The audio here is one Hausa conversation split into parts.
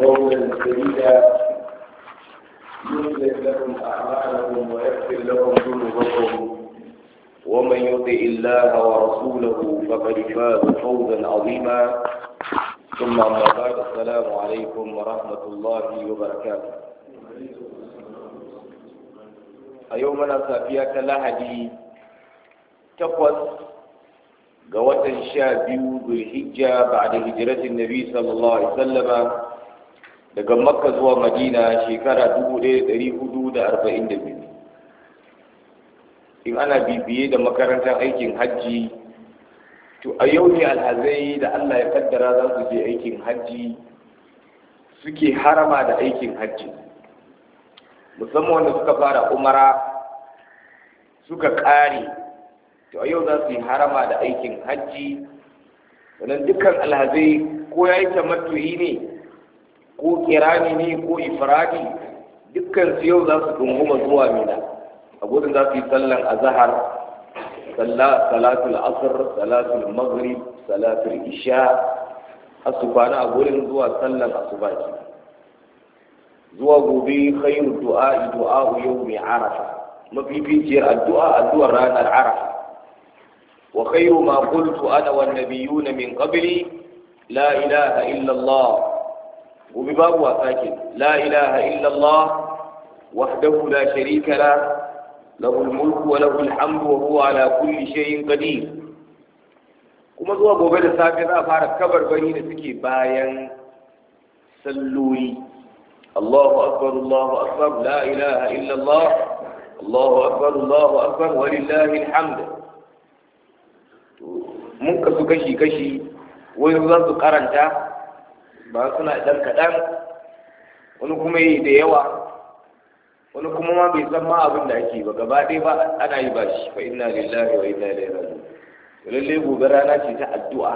قولا سديدا يصلح لكم أعمالكم ويغفر لكم ذنوبكم ومن يطع الله ورسوله فقد فاز فوزا عظيما ثم أما بعد السلام عليكم ورحمة الله وبركاته أيومنا سافية لهدي تقوى ga watan sha biyu zulhijja ba da hijiratin nabi sallallahu alaihi sallama daga makka zuwa madina shekara 1442 in ana bibiye da makarantar aikin hajji to a yau ne alhazai da allah ya kaddara za su je aikin hajji suke harama da aikin hajji musamman wanda suka fara umara suka ƙare, to a yau za su yi harama da aikin hajji Wannan dukkan alhazai ko ya yi tamattuyi ne ko kirani ne ko ifradi dukkan su yau za su dunguma zuwa mina a gudun za su yi sallan azahar salatul asr salatul maghrib salatul isha asubana a gurin zuwa sallan asubaki zuwa gobe khairu du'a du'a yawmi arafa mafificiyar addu'a addu'ar ranar arafa wa khairu ma qultu ana wan nabiyuna min qabli la ilaha illa allah gobe babu wasa ke la ilaha illallah wahdahu la sharika la lahul mulku wa lahul hamdu wa huwa ala kulli kuma zuwa gobe da safe za a fara kabarbari da suke bayan salloli Allahu akbar Allahu akbar la ilaha illallah Allahu akbar Allahu akbar walillahi alhamd mun kasu kashi kashi Wai za su karanta ba suna ɗan kaɗan wani kuma yi da yawa wani kuma ma bai san ma abin da ake ba gaba ɗaya ba ana yi ba shi fa inna lillahi wa ina ilaihi raji'un lalle gobe rana ce ta addu'a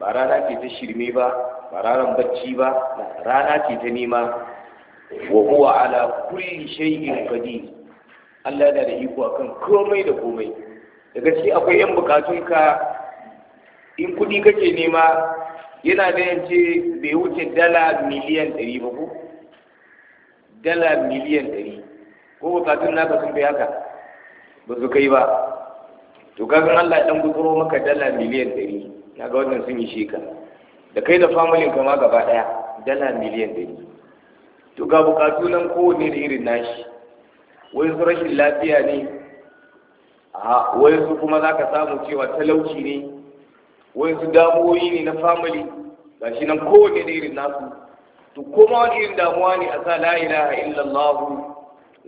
ba rana ce ta shirme ba ba ranar bacci ba rana ce ta nema wa huwa ala kulli shay'in qadir Allah yana da iko akan komai da komai daga shi akwai yan bukatunka in kudi kake nema yana da ce bai wuce dala miliyan ɗari ba ko dala miliyan ɗari ko bukatun naka sun bai haka ba su kai ba to kagan Allah dan gutsuro maka dala miliyan ɗari na ga wannan sun yi sheka da kai da familin kama gaba ɗaya dala miliyan ɗari to ga bukatu nan kowanne da irin nashi wai su rashin lafiya ne a wai su kuma za ka samu cewa talauci ne wayansu damuwoyi ne na family shi nan kowane da irin nasu to kuma wani irin damuwa ne a sa la ilaha illallah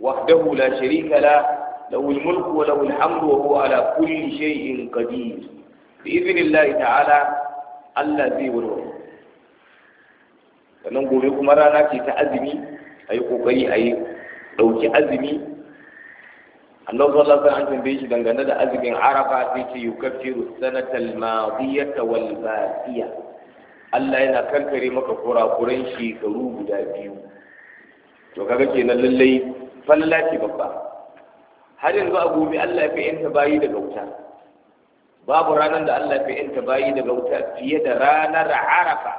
wahdahu la sharika la lahu almulku wa lahu alhamdu wa huwa ala kulli shay'in qadir bi idhnillahi ta'ala Allah zai warware sannan gobe kuma rana ce ta azumi ayi kokari yi ɗauki azumi Allah sallallahu alaihi an tambaye shi dangane da azumin Arafa sai ce yukaffiru sanatal madiyata wal batiya Allah yana kankare maka kurakuran shekaru guda biyu to kaga kenan lallai falla ce babba har yanzu a gobe Allah ya fi yanta bayi da gauta. babu ranar da Allah ya fi yanta bayi da gauta fiye da ranar Arafa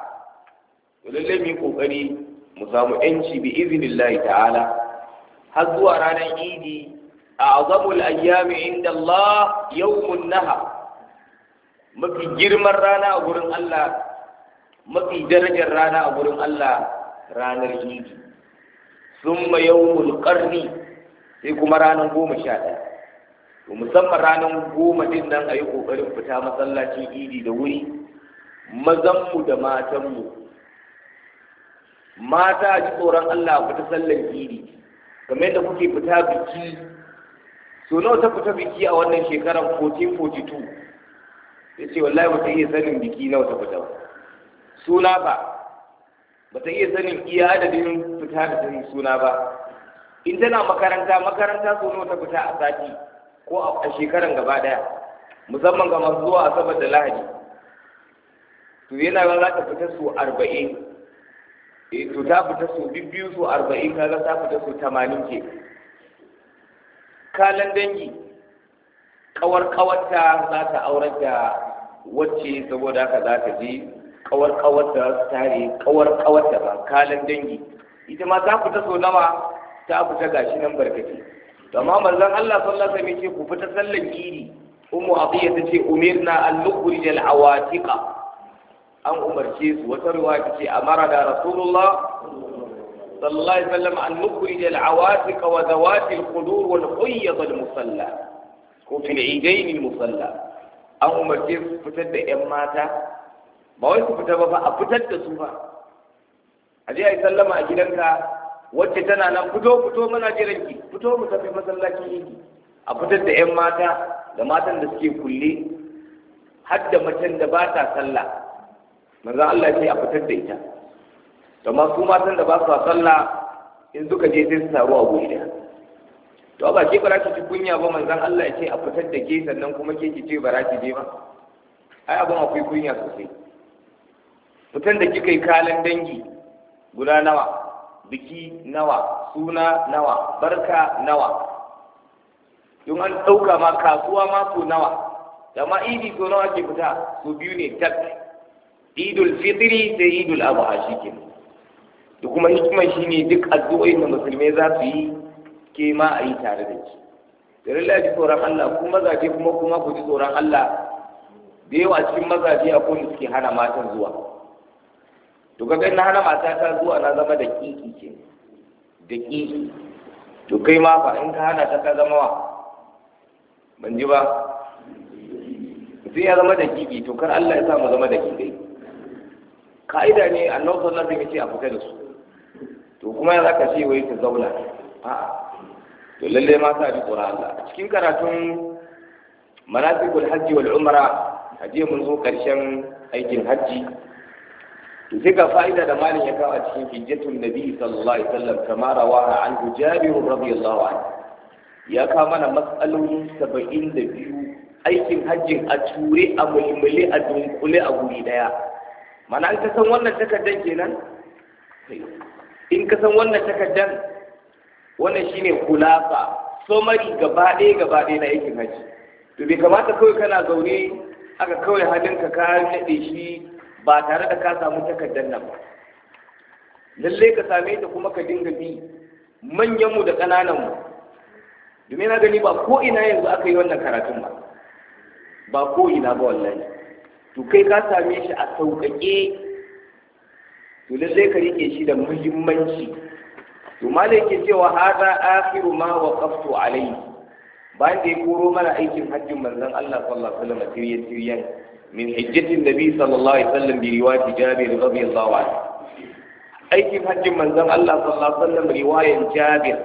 to lallai mu yi kokari mu samu yanci bi iznillahi ta'ala har zuwa ranar Idi أعظم الأيام عند الله يوم النهر mafi girman rana a wurin Allah mafi darajar rana a wurin Allah ranar Idi summa yawmul qarni sai kuma ranar goma sha ɗaya to musamman ranar goma din nan a yi ƙoƙarin fita masallacin idi da wuri mazanmu da matanmu mata ji tsoron Allah ta sallar idi game da kuke fita biki so nawa ta fita biki a wannan shekarar 1442 ya ce wallahi ba ta iya sanin biki nawa ta fita ba suna ba ba ta iya sanin iya adadin fita da sanin suna ba in tana makaranta makaranta so nawa ta fita a sati ko a shekaran gaba daya musamman ga masu zuwa asabar da lahadi to yana ga za ta fita so arba'in eh, to ta fita so biyu so arba'in kaga ta fita so tamanin ke kalan dangi kawar kawarta za ta aurar da wacce saboda haka za ta je kawar kawarta tare kawar kawarta ba kalan dangi ita ma ta fita so nawa ta fita gashi nan barkati to amma manzon Allah sallallahu alaihi wasallam ce ku fita sallan idi ummu aqiya ta ce umirna an nukhrij al awatiqa an umarce su wata ruwa ta ce amara da rasulullah صلى الله عليه وسلم أن نخرج العواتق وذوات القدور والحيض المصلى وفي العيدين المصلى أو umarce su fitar da 'yan mata ba wai su fita ba ba a fitar da su ba a a yi sallama a gidanka wacce tana nan fito fito mana jiran ki fito mu tafi masallacin yiki a fitar da 'yan mata da matan da suke kulle har macen da ba ta sallah Allah ya ce a fitar da ita ma su matan da ba su sallah in suka je sai su taru a guri da to ba ke bara ki ci kunya ba manzon Allah ya ce a fitar da ke sannan kuma ke ki ce bara ki je ba ai abin akwai kunya sosai fitar da kika yi kalan dangi guda nawa biki nawa suna nawa barka nawa don an ɗauka ma kasuwa ma so nawa amma idi so nawa ke fita su biyu ne tak idul fitri da idul shi kenan da kuma hikimar shi ne duk addu'o'in da musulmai za su yi ke ma a yi tare da shi da lalla ji tsoron Allah ko mazaje kuma kuma ku ji tsoron Allah da yawa cikin mazaje a kowane suke hana matan zuwa to kai na hana mata ta zuwa na zama da kiki ke da kiki to kai ma fa in ka hana ta ka zama wa ban ji ba sai ya zama da kiki to kar Allah ya sa mu zama da kiki ka'ida ne annabi sallallahu alaihi wasallam ya ce a fita da su to kuma za ka ce wai ta zauna a to lalle ma sa ji tsoron Allah a cikin karatun manasikul hajji wal umra haji mun zo karshen aikin hajji to sai ga fa'ida da malin ya kawo a cikin hijjatun nabi sallallahu alaihi wasallam kama rawaha an jabir radiyallahu anhu ya kawo mana matsaloli saba'in da biyu aikin hajjin a ture a mulmule a dunkule a guri daya mana an ka san wannan takardar kenan in ka san wannan takardar wannan shine kulafa somari gaba ɗaya gaba ɗaya na aikin haji to bai kamata kawai kana zaune aka kawai hannunka ka naɗe shi ba tare da ka samu takardar nan ba lallai ka same ta kuma ka dinga bi manyanmu da ƙanananmu domin na gani ba ko ina yanzu aka yi wannan karatun ba ba ko ina ba wallahi to kai ka same shi a sauƙaƙe to lallai ka rike shi da muhimmanci to malai yake cewa hada akhiru ma waqaftu alayhi bayan da ya koro mana aikin hajjin manzon Allah sallallahu alaihi wasallam tiryan tiryan min hijjatin nabi sallallahu alaihi wasallam bi riwayati Jabir radiyallahu anhu aikin hajjin manzon Allah sallallahu alaihi wasallam riwayan Jabir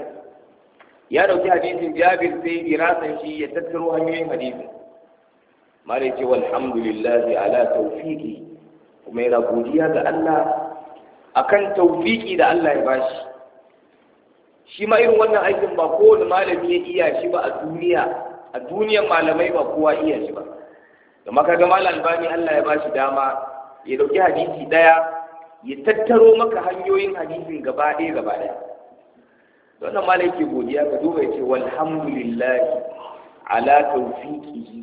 ya dauki hadisin Jabir sai birasan shi ya tattaro hanyoyin hadisin malai ce walhamdulillahi ala tawfiqi kuma yana godiya ga Allah akan tawfiki da Allah ya bashi shi ma irin wannan aikin ba kowane malami ya iya shi ba a duniya a duniyar malamai ba kowa iya shi ba da maka ga malam albani Allah ya bashi dama ya dauki hadisi daya ya tattaro maka hanyoyin hadisin gaba ɗaya gaba ɗaya wannan malam ke godiya ka duba ya ce walhamdulillahi ala tawfiqihi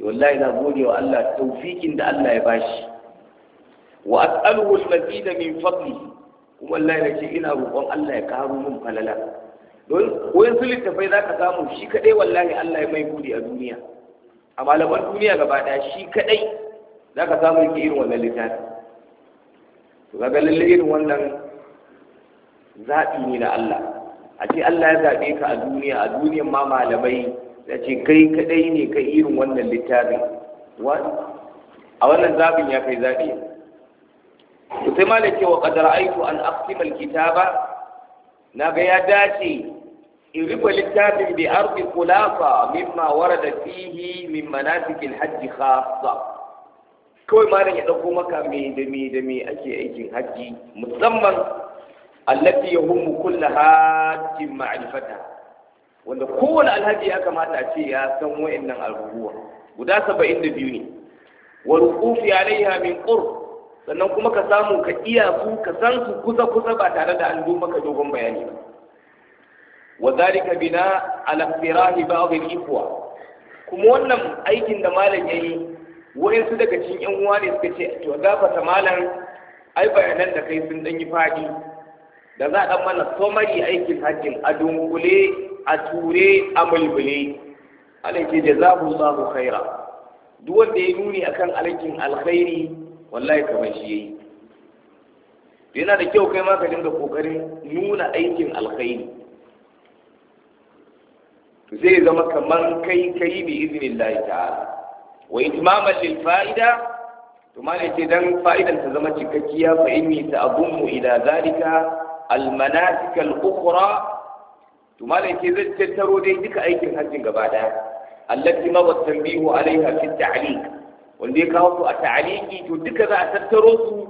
ce wallahi na gode wa Allah tawfiqin da Allah ya bashi wa as'aluhu al-mazida min fadli kuma Allah ya ce ina roƙon Allah ya karo min falala don koyon su littafai za ka samu shi kaɗai wallahi Allah ya mai buɗe a duniya a malaman duniya gaba ɗaya shi kaɗai za ka samu yake irin wannan littafi to ga lalle irin wannan zaɓi ne na Allah a ce Allah ya zaɓe ka a duniya a duniyan ma malamai ya ce kai kaɗai ne kai irin wannan littafin a wannan zaɓin ya kai zaɓi to sai malam ce wa qad ra'aytu an aqsima Kitaba? na ga ya dace in rufe littafin bi ardi khulafa mimma da fihi min manasik hajji khassa kawai malam ya dauko maka me da me da me ake aikin hajji. musamman ya yahummu kulla hajjin ma'rifata wanda kowane alhaji ya kamata a ce ya san wayannan abubuwa guda biyu ne wa ruqufi alaiha min qurb sannan kuma ka samu ka iya su ka san su kusa kusa ba tare da an maka dogon bayani ba wa zalika bina ala firahi ba'd al-ikhwa kuma wannan aikin da malam yayi wayansu daga cikin yan uwa ne suka ce to gafata malam ai bayanan da kai sun dan yi fadi da za a dan mana somari aikin hajjin a dungule a ture a mulmule Allah jazahu jazakumullahu khaira duk wanda ya nuni akan alaikin alkhairi wallahi kamar shi yayi yana da kyau kai ma ka dinga kokarin nuna aikin alkhairi zai zama kamar kai kai bi iznillahi ta'ala wa itmaman lil fa'ida to malai ce dan fa'idan ta zama cikakkiya fa inni ta'abummu ila zalika al manasik al ukhra to malai ce zai tattaro dai duka aikin hajjin gaba daya allati ma wa tanbihu alaiha fi ta'liq wanda ya kawo su a ta'aliki to duka za a tattaro su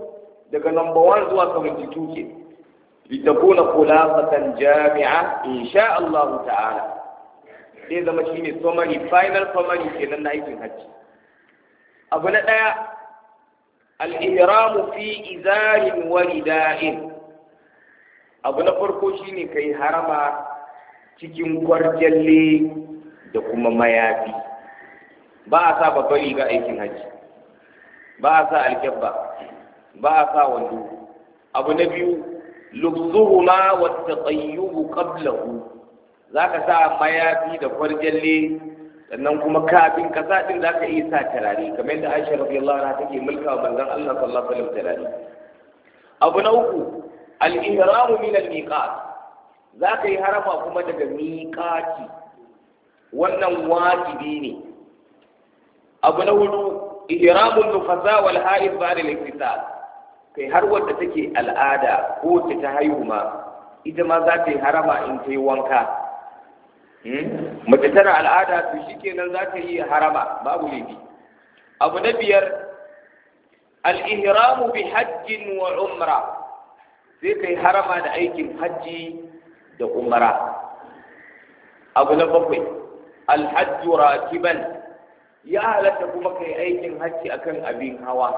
daga number 1 zuwa 72 ke litakuna khulafatan jami'a insha Allah ta'ala zai zama shine summary final summary kenan na aikin hajji abu na daya al-ihramu fi izarin wa rida'in abu na farko shine kai harama cikin kwarjalle da kuma mayafi ba a sa babbar riga aikin hajji ba a sa alkyabba ba a sa wando abu na biyu lubsuhuma wa taqayyubu qablahu zaka sa mayafi da kwarjalle sannan kuma kafin ka sa din zaka iya sa tarare kamar yadda Aisha radiyallahu anha take mulka wa manzon Allah sallallahu alaihi wasallam tarare abu na uku al-ihram min al-miqat zaka yi harama kuma daga miqati wannan wajibi ne abu na hudu ihramul nufasa wal haid ba al iktisal kai har wanda take al'ada ko ta ta haihu ma ita ma za ta yi harama in ta yi wanka hmm? mace tana al'ada to shikenan za ta yi harama babu laifi abu na biyar al bi hajjin wa umra sai kai harama da aikin hajji da umra abu na bakwai al ratiban. ya halatta kuma kai aikin hajji akan abin hawa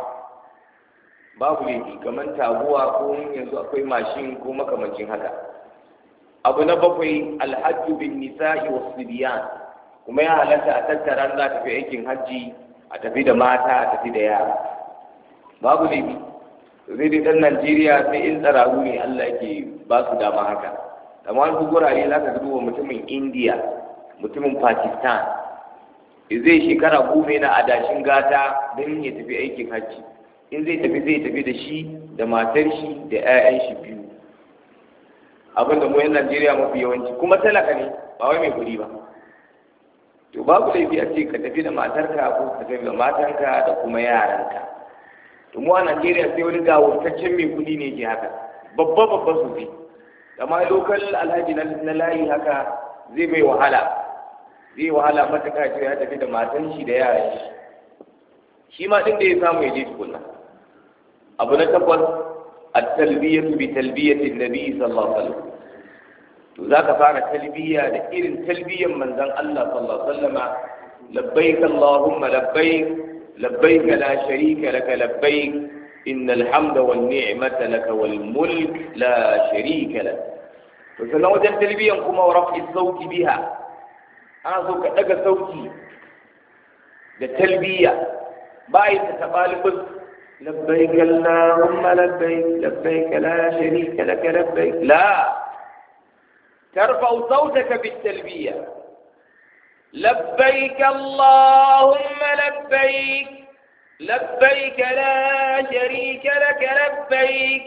babu laifi kamar taguwa ko yanzu akwai mashin ko makamancin haka abu na bakwai alhaji bin nisa'i wa sibiyan kuma ya halatta a tattara za tafi aikin hajji a tafi da mata a tafi da yara babu laifi zai dai dan Najeriya sai in tsararru ne Allah ke ba su dama haka amma wani gurare za ka wa mutumin India mutumin Pakistan zai shekara kome na adashin gata don ya tafi aikin hajji in zai tafi zai tafi da shi da matar shi da 'ya'yan shi biyu abin da mu yan najeriya mafi yawanci kuma talaka ne ba wai mai kuɗi ba to babu laifi a ce ka tafi da matarka ko ka tafi da matanka da kuma yaranka to mu a najeriya sai wani gawurtaccen mai kuɗi ne ke haka babba babba sosai amma lokal alhaji na layi haka zai bai wahala zai wahala matuƙa ce ya tafi da matan shi da yaran shi shi ma din da ya samu ya je tukunna abu na tabbas at-talbiyatu bi talbiyati an-nabi sallallahu alaihi wasallam to zaka fara talbiya da irin talbiyan manzon Allah sallallahu alaihi wasallama labbaik allahumma labbaik labbaik la sharika laka labbaik ان الحمد والنعمه لك والملك لا شريك لك فسنوجد lak to ورفع الصوت بها ana so ka daga sauki da talbiya bayan ta tabalibin labbaik allahumma labbaik labbaik la sharika lak labbaik la ترفع صوتك بالتلبيه لبيك اللهم لبيك لبيك لا شريك لك لبيك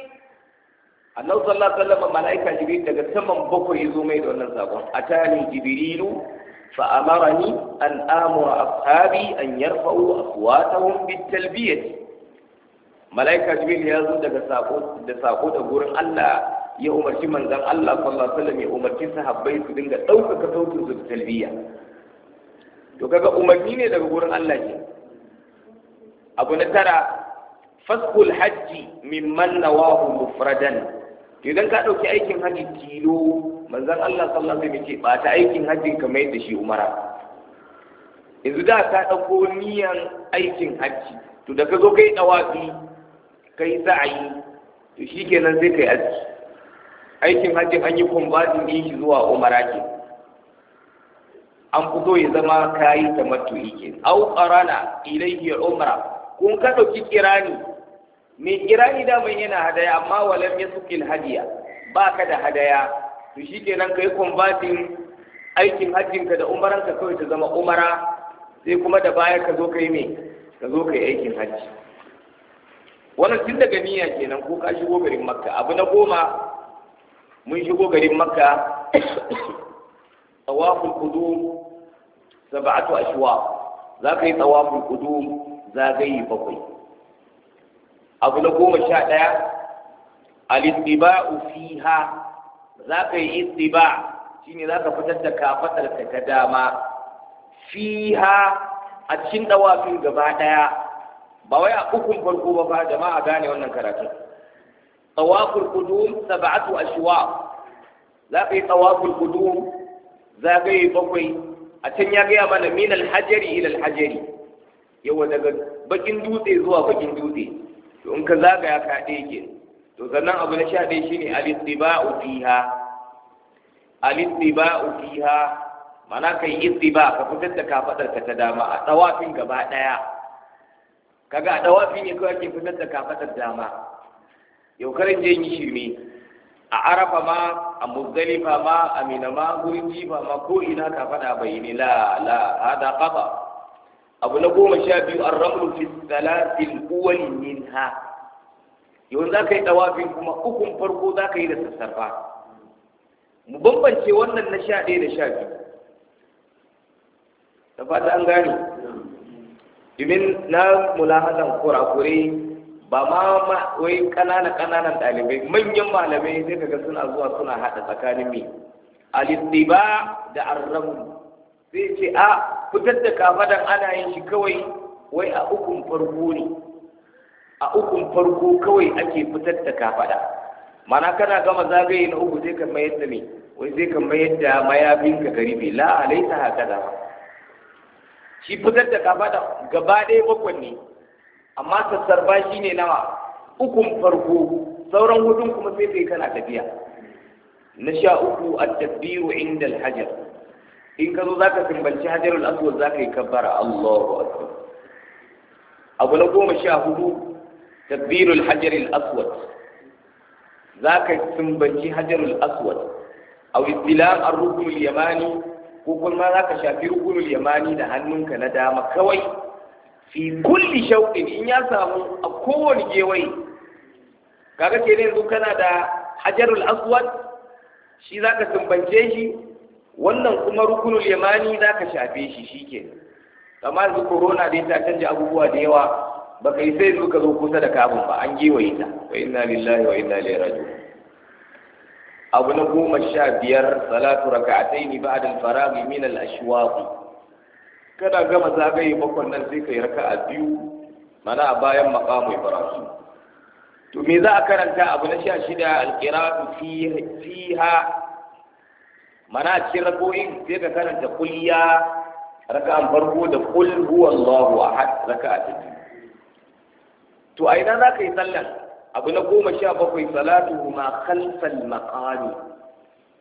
annabi sallallahu alaihi wasallam malaika jibril daga saman bakwai yazo mai da wannan sakon atani jibrilu فأمرني أن آمر أصحابي أن يرفعوا أصواتهم بالتلبية ملائكة جبريل يزن daga sako da sako da gurin Allah ya umarci manzon Allah sallallahu alaihi wasallam ya umarci sahabbai su dinga ɗaukaka sautin su talbiya to kaga umarni ne daga gurin Allah abu na tara fasqul hajji mimman nawahu mufradan idan ka ɗauki aikin hajji tilo manzan Allah sallallahu alaihi wasallam ba ta aikin hajjin ka yadda shi umara yanzu da ka ɗauko niyan aikin hajji to da ka zo kai ɗawafi kai sa'ayi to shi nan sai kai aski aikin hajjin an yi kumbatin ɗin shi zuwa umara ke an fito ya zama kayi tamattu'i ke au qarana ilayhi umra kun ka ɗauki kirani mai kirani daman yana hadaya amma walam ya sukil hadiya ba ka da hadaya to shi kenan ka yi kumbatin aikin hajjinka da umaranka kawai ta zama umara sai kuma da baya ka zo ka yi aikin hajji wannan tun daga niyya kenan ko ka shigo garin makka abu na goma mun shigo garin makka tawaful a sab'atu ashwa za ka yi tawaful qudum zagaye bakwai abu na goma sha ɗaya al-istiba'u fiha za ka yi istiba ne za ka fitar da kafatar ka ta dama fiha a cikin ɗawafin gaba ɗaya ba wai a ukun farko ba ba jama'a gane wannan karatu tawaful qudum sab'atu ashwaq za ka yi tawaful qudum za ka yi bakwai a can ya gaya mana minal hajari ila al-hajari yawa daga bakin dutse zuwa bakin dutse to in ka zagaya ka ɗaya ke to sannan abu na sha ɗaya shine al-istiba'u fiha al-istiba'u fiha mana kai istiba ka fitar da kafadar ka ta dama a tsawafin gaba ɗaya kaga a tsawafi ne kawai ke fitar da kafadar dama yau karin je yi shirme a arafa ma a muzdalifa ma a mina ma gurin jifa ma ko ina ka bai ne la la hada qaba abu na goma sha biyu an ramu fi salatin uwali min ha yau za ka yi tawafin kuma ukun farko za ka yi da sassarfa mu bambance wannan na sha ɗaya da sha biyu da fata an gane domin na mulahazan kurakure ba ma wai ƙananan ƙananan ɗalibai manyan malamai sai ga suna zuwa suna haɗa tsakanin mai alistiba da arramu sai ce a fitar da kafadan ana yin shi kawai wai a ukun farko ne a ukun farko kawai ake fitar da kafada mana kana gama zagaye na uku sai ka mayar da me wai sai ka mayar da mayafin ka bai la alaita haka da shi fitar da kafada gaba ɗaya bakwai ne amma sassarba shi ne nawa ukun farko sauran hudun kuma sai kai kana tafiya na sha uku at-tadbiru inda al-hajar in ka zo za ka sumbanci hajarul aswad za ka yi kabbara allahu akbar abu na goma sha hudu tabbirul hajarul aswad za ka sumbanci hajarul aswad a wistila an rukunul yamani ko kuma za ka shafi rukunul yamani da hannunka na dama kawai fi kulli shauƙin in ya samu a kowane gewaye kaga ke ne yanzu kana da hajarul aswad shi za ka sumbance shi wannan kuma rukunul yamani za ka shafe shi shi ke Da yanzu corona dai ta canja abubuwa da yawa ba kai yi sai zuka zo kusa da kafin ba an gewaye ta wa inna lillahi wa inna ilaihi raji'un abu na goma sha biyar salatu raka'ataini ba'da al-faragh min al-ashwaq kada gama zagaye bakon nan sai kai raka'a biyu mana a bayan maqamu ibrahim to me za a karanta abu na sha shida al-qira'atu fiha mana a cikin rako'in sai ka karanta kulliya an farko da kul huwa Allahu ahad raka ta biyu to a ina za ka yi sallar? abu na goma sha bakwai salatu ma khalfal maqami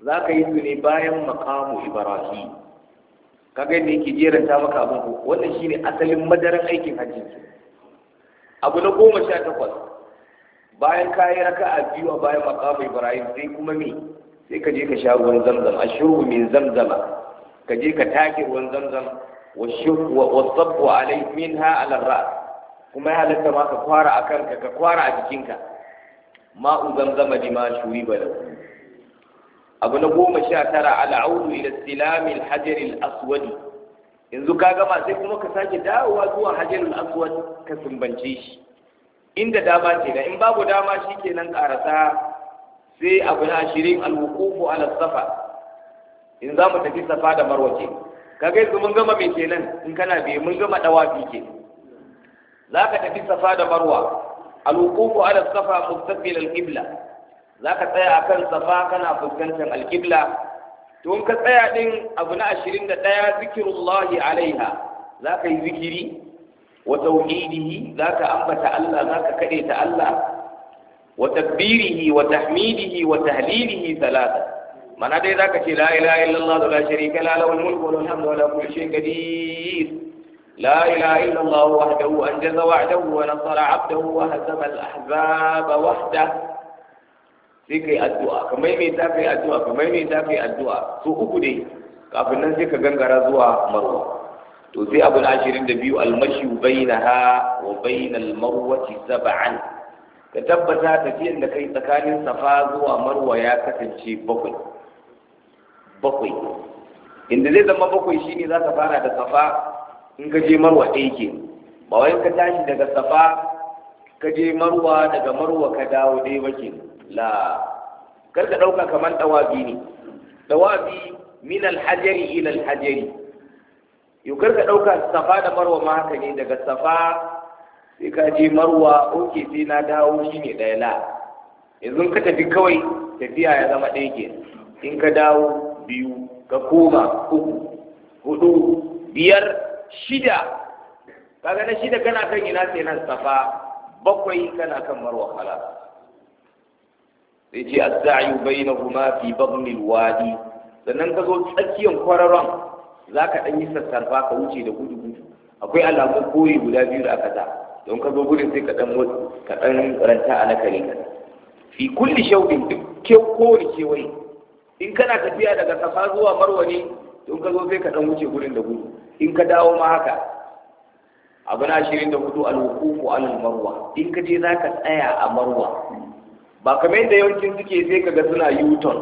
za ka yi su ne bayan maqamu ibrahim kaga ke yake ta maka abin ko wannan shine asalin madaran aikin hajji abu na goma sha takwas bayan ka raka'a biyu a bayan maqamu ibrahim sai kuma me sai ka je ka sha ruwan zamzam ashrubu min zamzama ka je ka take ruwan zamzam wasabbu alai minha ala ra'as kuma ya halatta ma ka kwara a kanka ka kwara a jikinka ma'u zamzama ji ma shuri ba abu na goma sha tara al'audu ila silami al-hajar al-aswad yanzu ka gama sai kuma ka sake dawowa zuwa hajar al-aswad ka sumbance shi inda dama ce da in babu dama shi kenan karasa sai abu na ashirin alwukufu ala safa in za mu tafi safa da marwa Ka kaga yanzu mun gama mai kenan in kana biye mun gama dawafi ke za ka tafi safa da marwa alwukufu ala safa mustaqbil alqibla za ka tsaya akan safa kana fuskantar alqibla to in ka tsaya din abu na ashirin da ɗaya zikirullahi alaiha za ka yi zikiri wa tauhidihi za ka ambata Allah za ka kaɗe ta Allah wa takbirihi wa tahmidihi wa tahlilihi salata mana dai zaka ce la ilaha illallah wa la sharika la lahu al-mulku wa lahu al-hamdu wa la kulli shay'in qadir la ilaha illallah wahdahu anjaza wa'dahu wa nasara 'abdahu wa hazama al-ahzaba wahdahu sai kai addu'a ka maimaita kai addu'a ka maimaita kai addu'a so uku dai kafin nan sai ka gangara zuwa marwa to sai abu na ashirin da biyu almashi bainaha wa bainal marwati sab'an ka tabbata tafiyan da kai tsakanin safa zuwa marwa ya kasance bakwai bakwai inda zai zama bakwai shine za ka fara da safa in ka je marwa ɗaya ke ba wai ka tashi daga safa ka je marwa daga marwa ka dawo ɗaya ba ke la kar ka ɗauka kamar ɗawabi ne ɗawabi min alhajari ila alhajari yau kar ka ɗauka safa da marwa ma haka ne daga safa sai ka je marwa oke sai na dawo shi ne ɗaya la yanzu ka tafi kawai tafiya ya zama ɗaya ke in ka dawo biyu ka koma uku hudu biyar shida kaga na shida kana kan ina sai na safa bakwai kana kan marwa hala. sai ce as bainahuma fi baghnil wadi sannan ka zo tsakiyan kwararon zaka dan yi sassarfa ka wuce da gudu gudu akwai alamun koyi guda biyu da aka don ka zo gudun sai ka dan ranta a nakari ka fi kulli shawbin duk ke kowace kewaye in kana tafiya daga safa zuwa marwa ne don ka zo sai ka dan wuce gurin da gudu in ka dawo ma haka abu na ashirin da hudu alhukuku alal marwa in ka je za ka tsaya a marwa ba kamar yadda yawancin suke sai ka ga suna yuton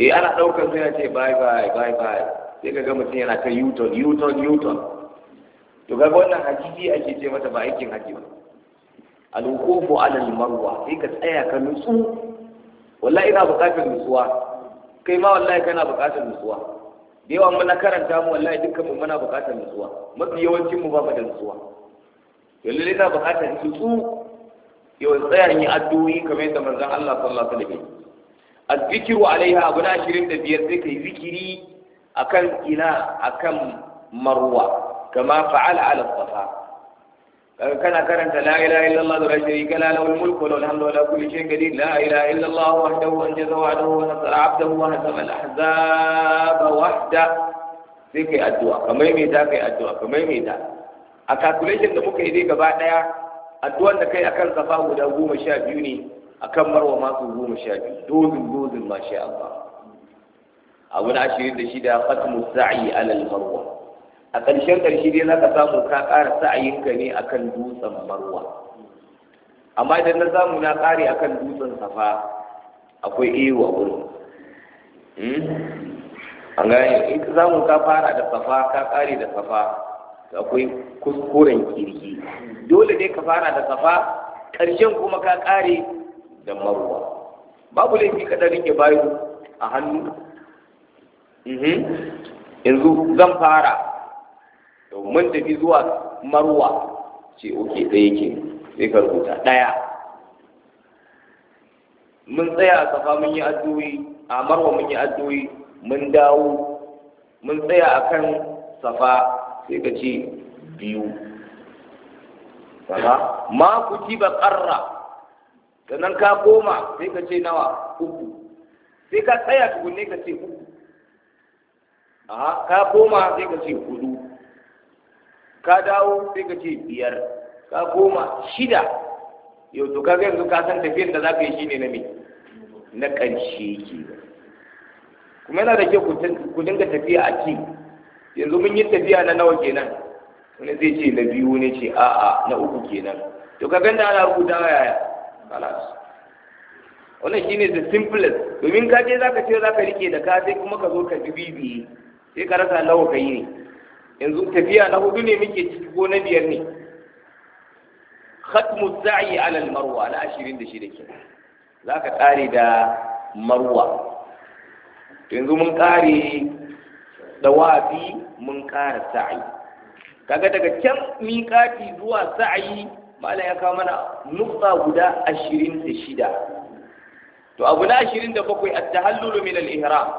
eh ana ɗaukar sai ya ce bye bye bye bye sai ka ga mutum yana ta yuton yuton yuton to ga wannan hakiki ake ce mata ba aikin haji ba al-wuqufu ala al-marwa sai ka tsaya ka nutsu wallahi ina buƙatar nutsuwa kai ma wallahi kana buƙatar nutsuwa da yawan muna karanta mu wallahi dukkan mu muna buƙatar nutsuwa mafi yawancin mu ba mu da nutsuwa yanzu ina buƙatar nutsu yau tsaya ni addu'o'i kamar yadda manzon Allah sallallahu alaihi wasallam azzikiru alaiha abu na 25 sai kai zikiri akan ina akan marwa كما فعل على الصفا كان كرنت لا إله إلا الله ذو الشريك لا له الملك وله الحمد وله كل شيء جديد لا إله إلا الله وحده أنجز وعده ونصر عبده وهزم الأحزاب وحده ذيك الدعاء كما يميتا في الدعاء كما يميتا أكاكوليشن دموك إذيك بعد الدعاء أنك أكل صفا وده قوم شابيوني أكمر مروه ما قوم شابي دون دون ما شاء الله أبو العشرين دشيدا ختم السعي على المروه a ƙarshen ƙarshe dai za ka samu ka ƙara sa'ayinka ne a kan dutsen marwa amma idan na samu na ƙare a kan dutsen safa akwai iyo a wurin hmm? an gane in ka samu ka fara da safa ka ƙare da safa akwai kuskuren kirki dole ne ka fara da safa ƙarshen kuma ka ƙare da marwa babu laifi ka ɗan rike bayo a hannu hmm? yanzu zan fara Domin mun tafi zuwa marwa ce oke ɗaya ke sai ka rubuta ɗaya mun tsaya a safa mun yi addu'o'i a marwa mun yi addu'o'i mun dawo mun tsaya a kan safa sai ka ce biyu safa ma ku ci ba ƙarra sannan ka koma sai ka ce nawa uku sai ka tsaya tukunne ka ce uku ka koma sai ka ce hudu ka dawo sai ka ce biyar ka koma shida yau to kaga yanzu ka san tafiyar da za ka yi shine na me na ƙarshe ke kuma yana da kyau ku dinga tafiya a ci yanzu mun yi tafiya na nawa kenan wani zai ce na biyu ne ce a'a na uku kenan to ka ganda ana rubuta yaya kalas wannan shine the simplest domin ka je zaka ce zaka rike da ka sai kuma ka zo ka bibiye sai ka rasa nawa kai ne yanzu tafiya na hudu ne muke ciki ko na biyar ne khatmu sa'i ala marwa na ashirin da shida ke za ka da marwa yanzu mun da wafi mun ƙara sa'i kaga daga can miƙati zuwa sa'i mala ya kawo mana nukta guda ashirin da shida to abu na ashirin da bakwai a tahallulu min al-ihram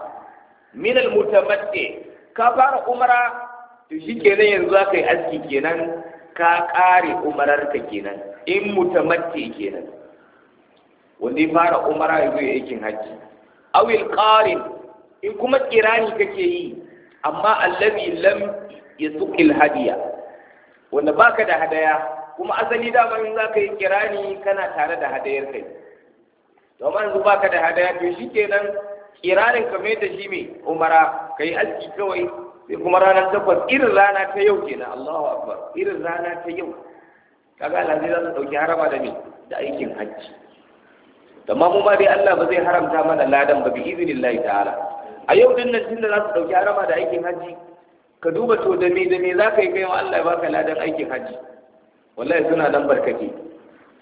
min al-mutamatti ka fara umara to shi kenan yanzu aka yi aski kenan ka ƙare umararka kenan in mutamatti kenan wanda ya fara umara ya zo aikin hajji awil ƙarin in kuma kirani kake yi amma allazi lam ya hadiya wanda baka da hadaya kuma asali dama in za ka yi kirani kana tare da hadayar kai To amma yanzu baka da hadaya to shi kenan kiranin ka mai da shi mai umara ka yi aski kawai sai kuma ranar takwas irin rana ta yau kenan Allahu akbar irin rana ta yau kaga alhaji za su dauki haraba da me da aikin hajji amma mu ba dai Allah ba zai haramta mana ladan ba bi iznillahi ta'ala a yau din nan tunda za su dauki haraba da aikin hajji ka duba to da me da me za ka yi kai wa Allah ya baka ladan aikin hajji wallahi suna nan barkake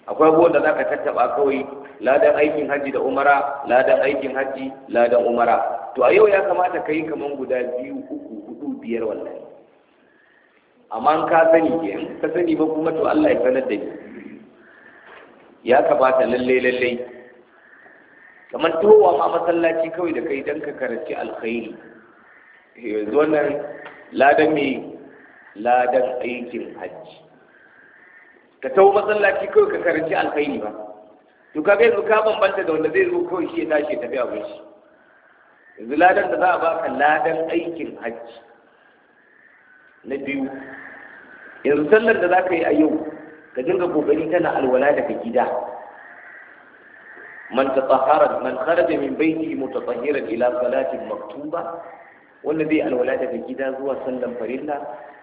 akwai abubuwan da za ka tattaba kawai ladan aikin hajji da umara ladan aikin hajji ladan umara to a yau ya kamata ka yi kaman guda biyu uku biyar wallahi amma ka sani ke ka sani ba kuma to Allah ya sanar da ni ya kamata lalle lalle kamar towa ma masallaci kawai da kai dan ka karanci alkhairi yanzu wannan ladan mai ladan aikin hajji ka tawo masallaci kawai ka karanci alkhairi ba to ka bai ka bambanta da wanda zai zo kawai shi ya tashi ya tafi abin yanzu ladan da za a baka ladan aikin hajji na biyu yanzu sallar da za ka yi a yau ka dinga kokari tana alwala daga gida man tatahara man kharaja min baiti mutatahhiran ila salatin maktuba wanda zai alwala daga gida zuwa sallan farilla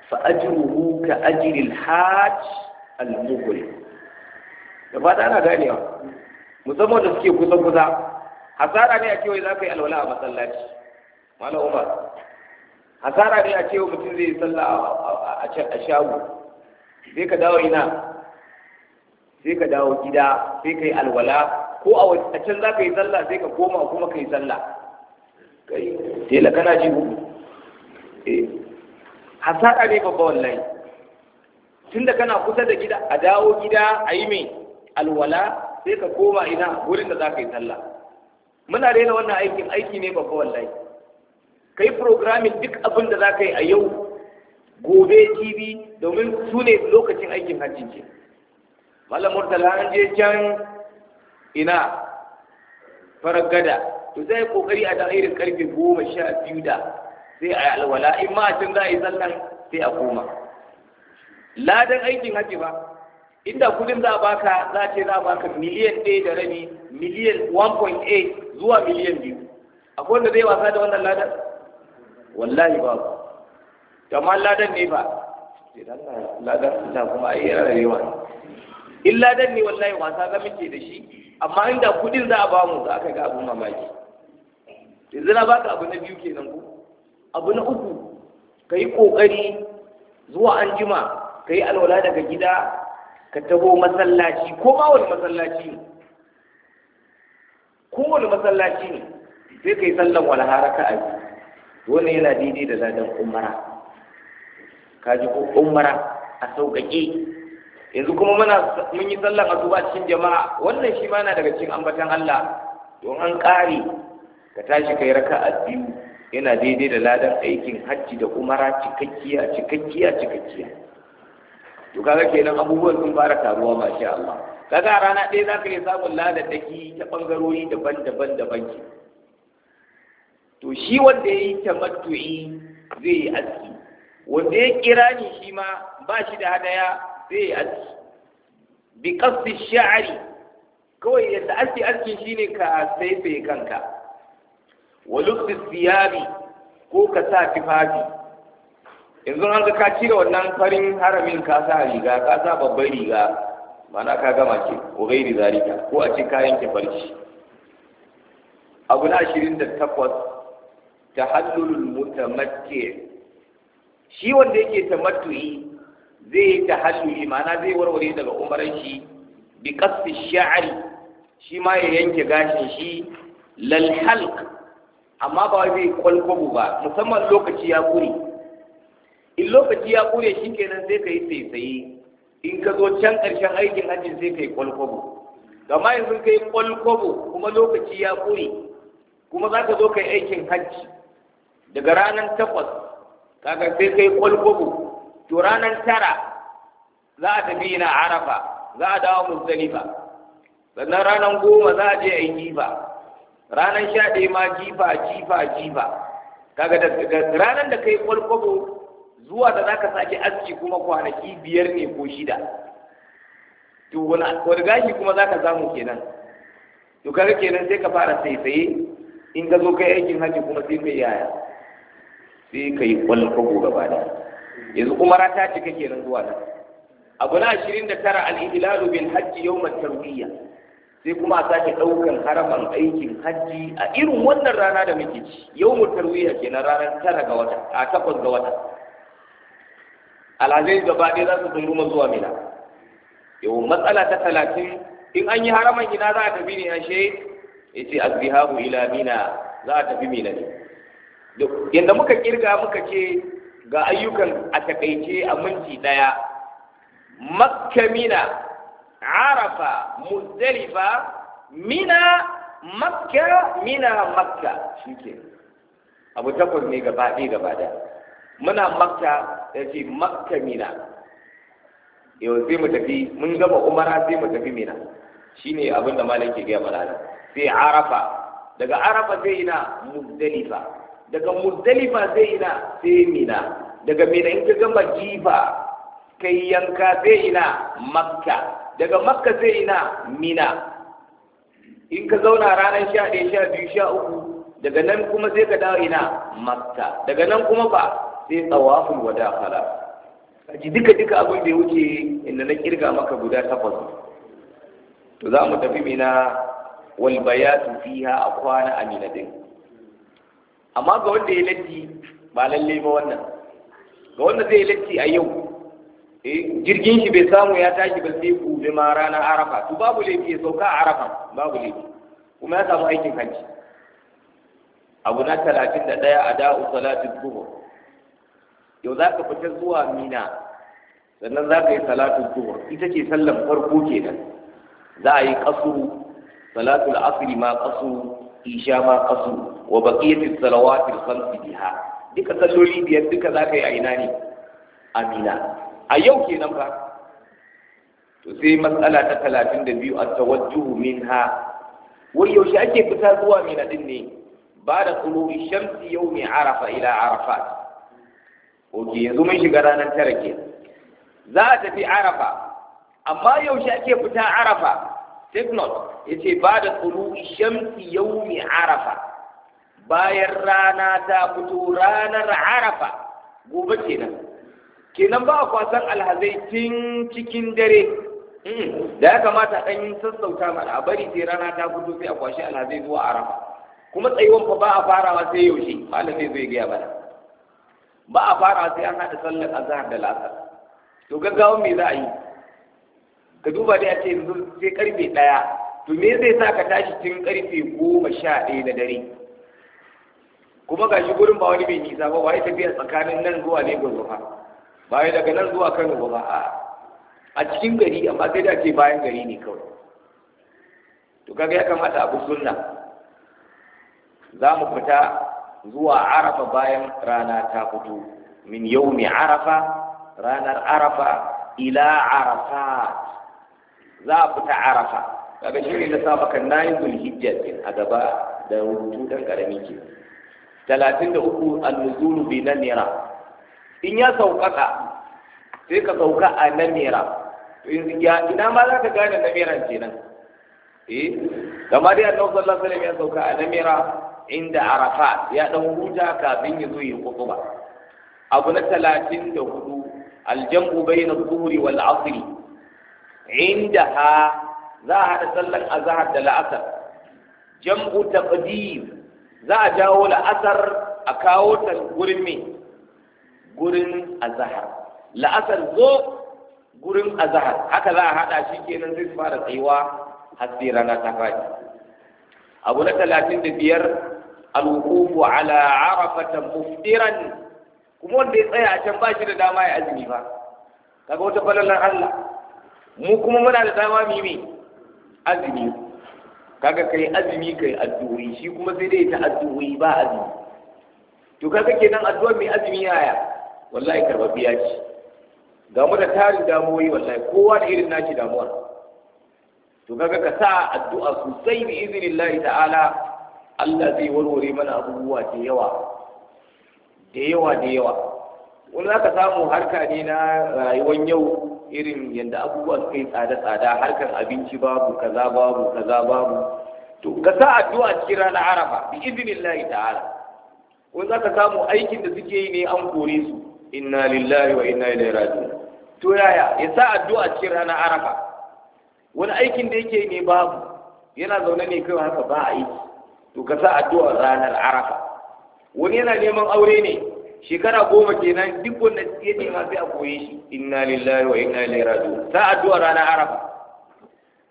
fa ajruhu ka ajri al-hajj al-mughri da fata ana ganewa musamman da suke kusa kusa hasara ne a kewaye za ka yi alwala a masallaci malam umar asara ne a ce mutum zai sallah a shago sai ka dawo ina sai ka dawo gida sai ka yi alwala ko a can za ka yi sallah sai ka koma kuma ka yi sallah kai tela kana ji hudu eh hasara ne babba wallahi tunda kana kusa da gida a dawo gida a yi mai alwala sai ka koma ina wurin da za ka yi sallah muna daina wannan aikin aiki ne babba wallahi ka yi programming duk abin da za ka yi a yau gobe tv domin su ne lokacin aikin hajjin ce malam murtala an je can ina farar gada to zai kokari a da irin karfe goma sha biyu da sai a yi alwala in ma can za a yi zallan sai a koma ladan aikin hajji ba inda kudin za a baka za a ce za a baka miliyan ɗaya da rami miliyan 1.8 zuwa miliyan biyu akwai wanda zai wasa da wannan ladan wallahi babu kamar ladan ne ba ladan ta kuma ai yana rayuwa in ladan ne wallahi wasa ga muke da shi amma inda kudin za a ba mu za ka ga abun mamaki yanzu na baka abu na biyu kenan ku abu na uku ka yi ƙoƙari zuwa an jima ka yi alwala daga gida ka taho masallaci ko ma wani masallaci ko wani masallaci ne sai ka yi sallan haraka a abi wani yana daidai da ladan umara ka ji ko umara a sauƙaƙe yanzu kuma muna mun yi sallan asuba cikin jama'a wannan shi ma na daga cikin ambatan Allah don an ƙare ka tashi kai a biyu yana daidai da ladan aikin hajji da umara cikakkiya cikakkiya cikakkiya to kaga kenan abubuwan sun fara taruwa sha Allah kaga rana ɗaya za ka iya samun ladan daki ta ɓangarori daban-daban daban ke to shi wanda ya yi tamattu'i zai yi aski wanda ya kira ni shi ma ba shi da hadaya zai yi aski bi kasu sha'ari kawai yadda ake aski shine ka saife kanka wa lubsi ko ka sa tufafi yanzu an ga ka cire wannan farin haramin ka sa riga ka sa babbar riga mana ka gama ce ko gairi zarika ko a ce kayan ke farci abu na ashirin da takwas tahallulul mutamatti shi wanda yake tamattu'i zai yi tahalluli ma'ana zai warware daga umaran shi bi qasfi sha'ri shi ma ya yanke gashin shi lal halq amma ba zai kwalkwabu ba musamman lokaci ya kure in lokaci ya kure shikenan zai ka yi in ka zo can ƙarshen aikin hajji zai ka yi kwalkwabo gama yanzu ka yi kuma lokaci ya kure kuma za ka zo ka aikin hajji daga ranar takwas kaga sai kai kwalgwabo to ranar tara za a tafi na arafa za a dawo muzdalifa sannan ranar goma za a je a yi jifa ranar sha ɗaya ma jifa jifa jifa kaga daga ranar da kai kwalkwabo zuwa da za ka sake aski kuma kwanaki biyar ne ko shida to wani gashi kuma za zaka samu kenan to kaga kenan sai ka fara saisaye in ka zo kai aikin hajji kuma sai kai yaya sai ka yi kwalfago gaba da yanzu umara ta cika nan zuwa nan abu na ashirin da tara al'ihilalu bin hajji yau tarbiyya sai kuma a sake ɗaukan haraman aikin hajji a irin wannan rana da muke ci yau mu ke na ranar tara ga wata a takwas ga wata alhazai gaba ɗaya za su tsunduma zuwa mina yau matsala ta talatin in an yi haraman ina za a tafi ne ashe ya ce azbihahu ila mina za a tafi mina ne yadda muka kirga muka ce ga ayyukan a takaice a minti ɗaya mina, arafa muzdalifa mina makka mina makka shike abu takwas ne gaba ɗaya gaba da muna makka ya ce makka mina yau sai mu tafi mun gama umara sai mu tafi mina shine abin da malam ke gaya mana sai arafa daga arafa sai na muzdalifa daga muzdalifa zai ina sai mina daga mina in ka gama jifa kai yanka zai ina makka daga makka zai ina mina in ka zauna ranar sha ɗaya sha biyu sha uku daga nan kuma sai ka dawo ina makka daga nan kuma ba sai tsawafin wada fara kaji duka duka abin da ya wuce inda na kirga maka guda takwas to za mu tafi mina wal bayatu fiha a kwana amina din amma ga wanda ya latti ba lalle ba wannan ga wanda zai latti a yau eh, jirgin shi bai samu ya tashi ba sai gobe ma ranar arafa to babu laifi ya sauka a arafa babu laifi kuma ya samu aikin hajji abu na talatin da ɗaya a da'u salatin duhu yau za ka fita zuwa mina sannan za ka yi salatin duhu ita ce sallan farko kenan za a yi kasuru salatul asiri ma kasuru isha ma qasu wa baqiyatu salawati al-khamsi biha duka salloli biyar duka zaka yi a ina ne amina a yau kenan ba to sai matsala ta talatin da biyu a min minha wai yaushe ake fita zuwa mina din ne ba da tsurubi shamsi yau mai arafa ila arafa? ok yanzu mun shiga ranar tara ke za a tafi arafa amma yaushe ake fita arafa take note yace ba da tsulu shamsi yaumi arafa bayan rana ta fito ranar arafa gobe kenan kenan ba a kwasan alhazai tun cikin dare hmm, da ya kamata ɗan yin sassauta mana a bari sai rana ta fito sai a kwashi alhazai zuwa arafa kuma tsayuwan fa ba a farawa sai yaushe Malami zai gaya mana ba a farawa sai an haɗa sallar azhar da lasar to gaggawa me za a yi ka duba dai a ce yanzu sai karfe ɗaya to me zai sa ka tashi tun karfe goma sha ɗaya na dare kuma gashi gurin ba wani mai nisa ba wai tafiya tsakanin nan zuwa Lagos ba ba daga nan zuwa Kano ba a a cikin gari amma sai da ke bayan gari ne kawai to kaga ya kamata abu sunna za mu fita zuwa arafa bayan rana ta fito min mai arafa ranar arafa ila arafa za a fita arafa kaga ne na sa maka nayin zulhijja din a gaba da rubutu dan karami ke talatin da uku al-nuzulu bi namira in ya sauƙaƙa sai ka sauka a namira ya ina ma za ka gane namiran kenan eh kamar dai annabi sallallahu alaihi wasallam ya sauka a namira inda Arafa ya dan huta kafin ya zo yi ba. abu na talatin da hudu na bayna dhuhri wal Inda indaha za a haɗa sallar azahar da la'asar jam'u taqdim za a jawo la'asar a kawo ta gurin me gurin azhar la'asar zo gurin azahar. haka za a haɗa shi kenan zai fara tsayuwa har sai rana ta faɗi abu na talatin da biyar alwuqufu ala arafata muftiran kuma wanda ya tsaya a can ba shi da dama ya azumi ba kaga wata falalar Allah mu kuma muna da dama mimi azumi kaga kai azumi kai addu'o'i shi kuma sai dai ta addu'o'i ba azumi to kaga kenan addu'a mai azumi yaya wallahi karbabiya ce ga mu da tarin damuwoyi wallahi kowa da irin nashi damuwa to kaga ka sa addu'a sosai bi iznillahi ta'ala Allah zai warware mana abubuwa da yawa da yawa da yawa wani za ka samu harka ne na rayuwar yau irin yadda abubuwa suka yi tsada-tsada harkar abinci babu kaza babu kaza babu to ka sa addu'a cikin ranar arafa bi lahi ta'ala wani za ka samu aikin da suke yi ne an kore su inna lillahi wa inna ilaihi raji'un to yaya ya sa addu'a cikin ranar arafa wani aikin da yake ne babu yana zaune ne kai haka ba aiki to ka sa addu'a ranar arafa wani yana neman aure ne shekara goma kenan duk wanda ya ce ma sai a koye shi inna lillahi wa inna ilaihi raji'un ta addu'a ranar arafa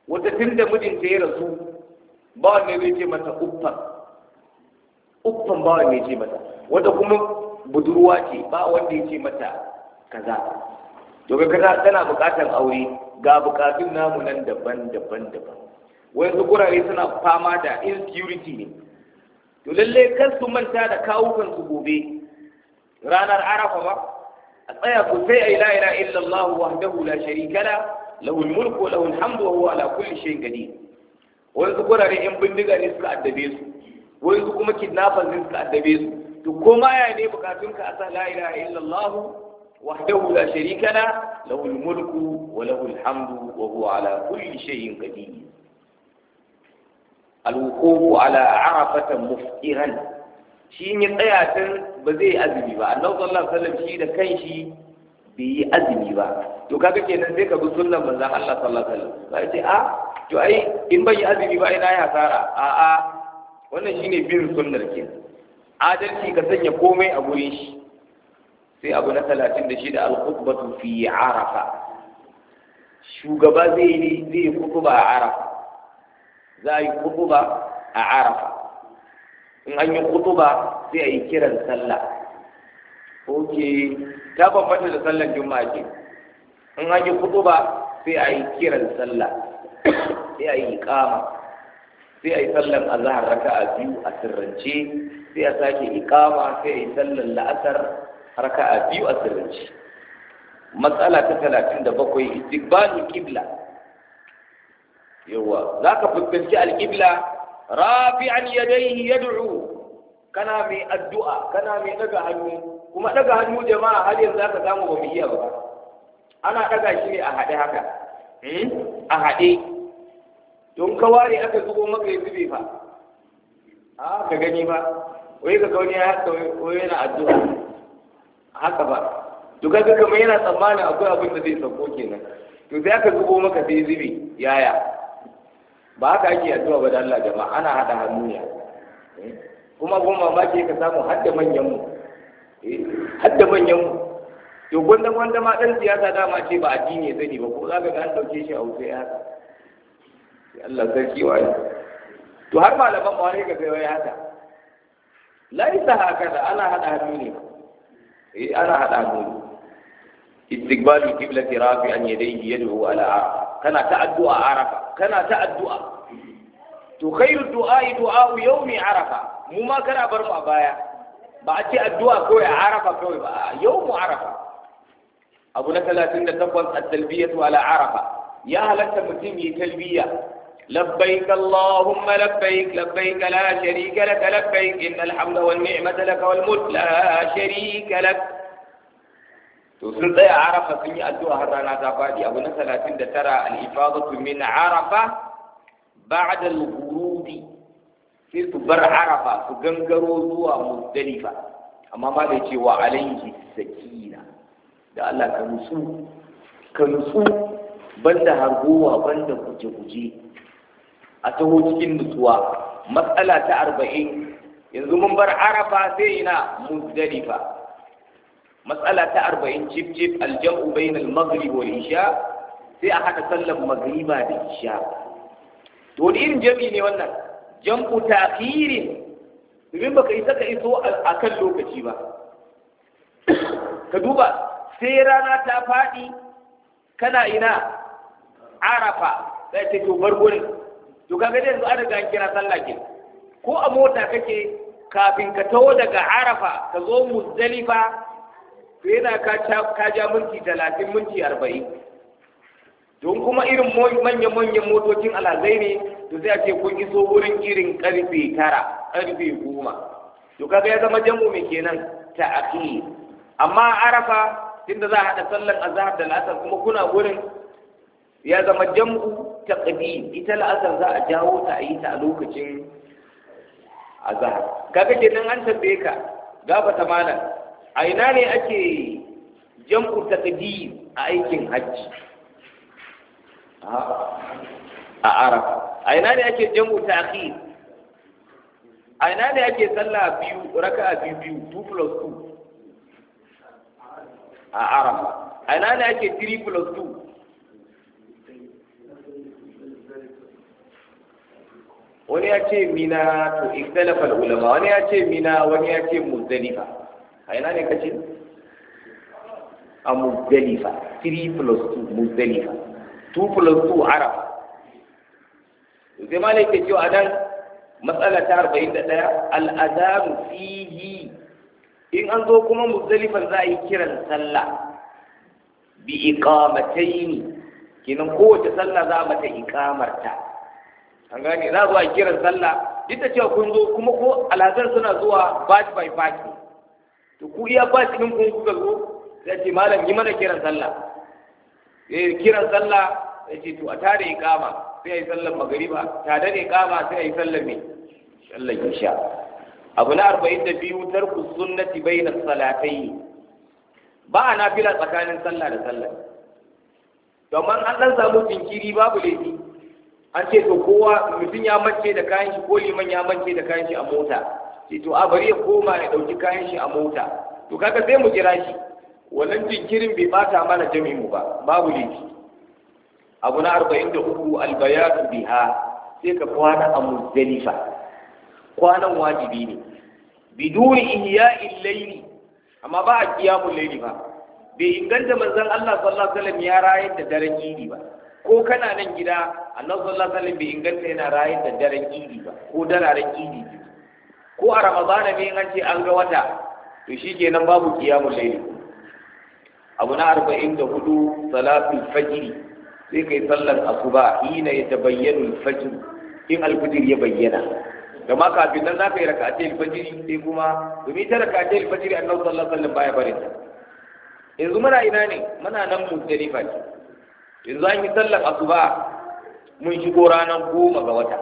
wata tunda mijinta ya rasu ba wanda zai ce mata uffa uffan ba wanda ya ce mata wata kuma budurwa ce ba wanda ya ce mata kaza to ga kaza tana buƙatar aure ga buƙatun namu nan daban-daban daban wasu gurare suna fama da insecurity ne to lalle kar su manta da kawukan su gobe ranar arafa ba a tsaya ku sai ai la ilaha illallah wahdahu la sharika la lahu mulku wa lahu alhamdu wa huwa ala kulli shay'in qadir wani gurare in bindiga ne suka addabe su wani kuma kidnappers ne suka addabe su to koma ya ne bukatun ka asa la ilaha illallah wahdahu la sharika la lahu mulku wa lahu alhamdu wa huwa ala kulli shay'in qadir alwukufu ala arafatan mufkiran shi ne tsaya tun ba zai yi azumi ba annabi sallallahu alaihi wasallam shi da kanshi bai yi azumi ba to kaga kenan sai ka bi sunnan manzon Allah sallallahu alaihi wasallam sai ce a ah, to ai in ban yi azumi ba ina ya hasara a a wannan shine bin sunnar ke adalci ka sanya komai a gurin shi sai abu na talatin da shida al-khutbatu fi arafa shugaba zai yi zai kutuba a arafa za yi kutuba a arafa in an yi kutuba sai a yi kiran sallah ok ta bambanta da sallan juma'a ke in an yi kutuba sai a yi kiran sallah sai a yi kama sai a yi sallan azahar raka a biyu a sirrance sai a sake ikama sai a yi sallan la'asar raka a biyu a sirrance matsala ta talatin da bakwai istiqbalu kibla yawa za ka fuskanci alkibla rafi'an ya duru. kana mai addu'a kana mai daga hannu kuma daga hannu jama'a har yanzu aka samu ba mu iya ba ana daga shi ne a haɗe haka hmm? a haɗe don ka ware aka zubo maka ya zube fa a ka gani ba wai ka kauni ya haka wai yana addu'a haka ba to kaga kamar yana tsammanin akwai abin da zai sauko kenan to sai aka zubo maka sai zube yaya ba haka ake addu'a ba da Allah jama'a ana hada hannu ne eh, kuma ba mamaki ka samu hadda manyan mu eh, hadda manyan mu to gwanda gwanda ma dan siyasa dama ce ba addini sani ba ko za ka ga an dauke shi a wuce ya haka Allah sarki wani to har malaman ba ne ka kai wai haka laisa haka da ana hada hannu ne eh ana hada hannu ne istiqbalu qiblati rafi'an yadayhi yad'u ala kana ta addu'a arafa kana ta addu'a to khairu du'a'i du'a'u yawmi arafa mu ma kana bar mu a baya ba a ce addu'a kawai a arafa kawai ba yawmu arafa abu na 38 at-talbiyatu ala arafa ya halatta mutum yi talbiya لبيك اللهم لبيك لبيك لا شريك لك لبيك إن الحمد والنعمة لك والملك لا شريك لك to sun tsaya a arafa sun yi addu'a har rana ta faɗi abu na talatin da tara Al-Ifah al'ifadatu min arafa ba'da al-ghurubi sai su bar arafa su gangaro zuwa muzdalifa amma ma da cewa alayhi sakina da Allah ka nutsu ka nutsu banda hargowa banda guje-guje a taho cikin nutsuwa matsala ta arba'in yanzu mun bar arafa sai ina muzdalifa matsala ta arba'in cif cif aljam'u bainal maghrib wal isha sai a haɗa sallan maghriba da isha to irin jami ne wannan jam'u ta'khiri domin baka yi saka iso a kan lokaci ba ka duba sai rana ta faɗi kana ina arafa sai ta to bar gurin to kaga dai yanzu an an kira sallah ke ko a mota kake kafin ka taho daga arafa ka zo muzalifa to yana ka ja minti talatin minti arba'in don kuma irin manyan manyan motocin al'azai ne to sai a ce kun iso wurin irin karfe tara karfe goma to kaga ya zama jamu mai kenan ta aki amma arafa tunda za a haɗa sallan azhar da la'asar kuma kuna wurin ya zama jam'u ta ƙabi ita la'asar za a jawo ta a yi ta a lokacin azhar kaga kenan an tambaye ka gaba ta malam a ina ne ake jam'u taqdim a aikin hajji a arafa a ina ne ake jam'u ta'khir a ina ne ake sallah biyu raka'a biyu biyu 2 plus 2 a arafa a ina ne ake 3 plus 2 wani ya ce mina to ikhtalafa ulama wani ya ce mina wani ya ce muzdalifa a ina ne kace a muzdalifa 3 plus 2 muzdalifa 2 plus 2 arafa sai ma ne ke cewa a nan matsala ta arba'in da ɗaya al'adamu fihi in an zo kuma muzdalifan za a yi kiran sallah bi ne. kenan kowace sallah za a mata iqamarta an gane za a zo a kiran sallah duk da cewa kun zo kuma ko alhazan suna zuwa batch by batch to ku ya ba cikin kun kuka zo ya ce malam yi mana kiran sallah eh kiran sallah ya ce to a tare ya kama sai yi sallar magriba tare ya kama sai yi sallar me sallar isha abu na 42 tarku sunnati baina salatayn ba a nafila tsakanin sallah da sallah domin an dan samu jinkiri babu laifi an ce to kowa mutum ya mance da kayan shi ko liman ya mance da kayan shi a mota ce to a bari ya koma ya ɗauki kayan shi a mota to kaga sai mu kira shi wannan jinkirin bai bata mana jami'u ba babu laifi abu na arba'in da uku albayatu biha sai ka kwana a muzdalifa kwanan wajibi ne biduni ihya'il layli amma ba a qiyamul layli ba bai inganta manzon Allah sallallahu alaihi wasallam ya rayar da daren idi ba ko kana nan gida Allah sallallahu alaihi wasallam bai inganta yana rayar da daren idi ba ko dararen idi ko a ramadana ne an ce an ga wata to shi ke nan babu kiyamu laili abu na arba'in da hudu salatul fajiri sai kai sallar asuba Ina ya tabayyanu Fajir in alfajr ya bayyana gama kafin nan za ka yi ce alfajiri sai kuma domin ta ce alfajiri annabi sallallahu alaihi wasallam baya barin ta yanzu muna ina ne muna nan muzdalifa ce yanzu an yi sallar asuba mun shigo ranar goma ga wata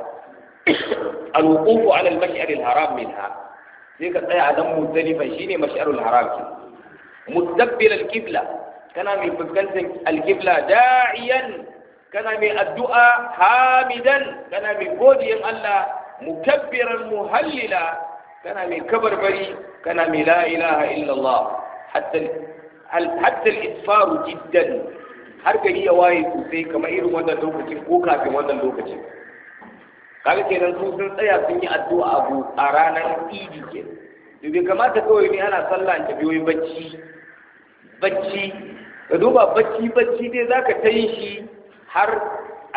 al-wuqufu ala al-mash'ar al-haram minha sai ka tsaya a nan muzdalifa shine al haram ke mudabbil al-qibla kana mai fuskantar al-qibla da'iyan kana mai addu'a hamidan kana mai godiyan Allah mukabbiran muhallila kana mai kabarbari kana mai la ilaha illallah hatta hatta al-isfaru jiddan har gari ya waye sosai kamar irin wannan lokacin ko kafin wannan lokacin kaga kenan sun sun tsaya sun yi addu'a abu a ranar idi ke bai kamata kawai ne ana sallah ta biyo bacci bacci ka duba bacci bacci dai zaka ta yi shi har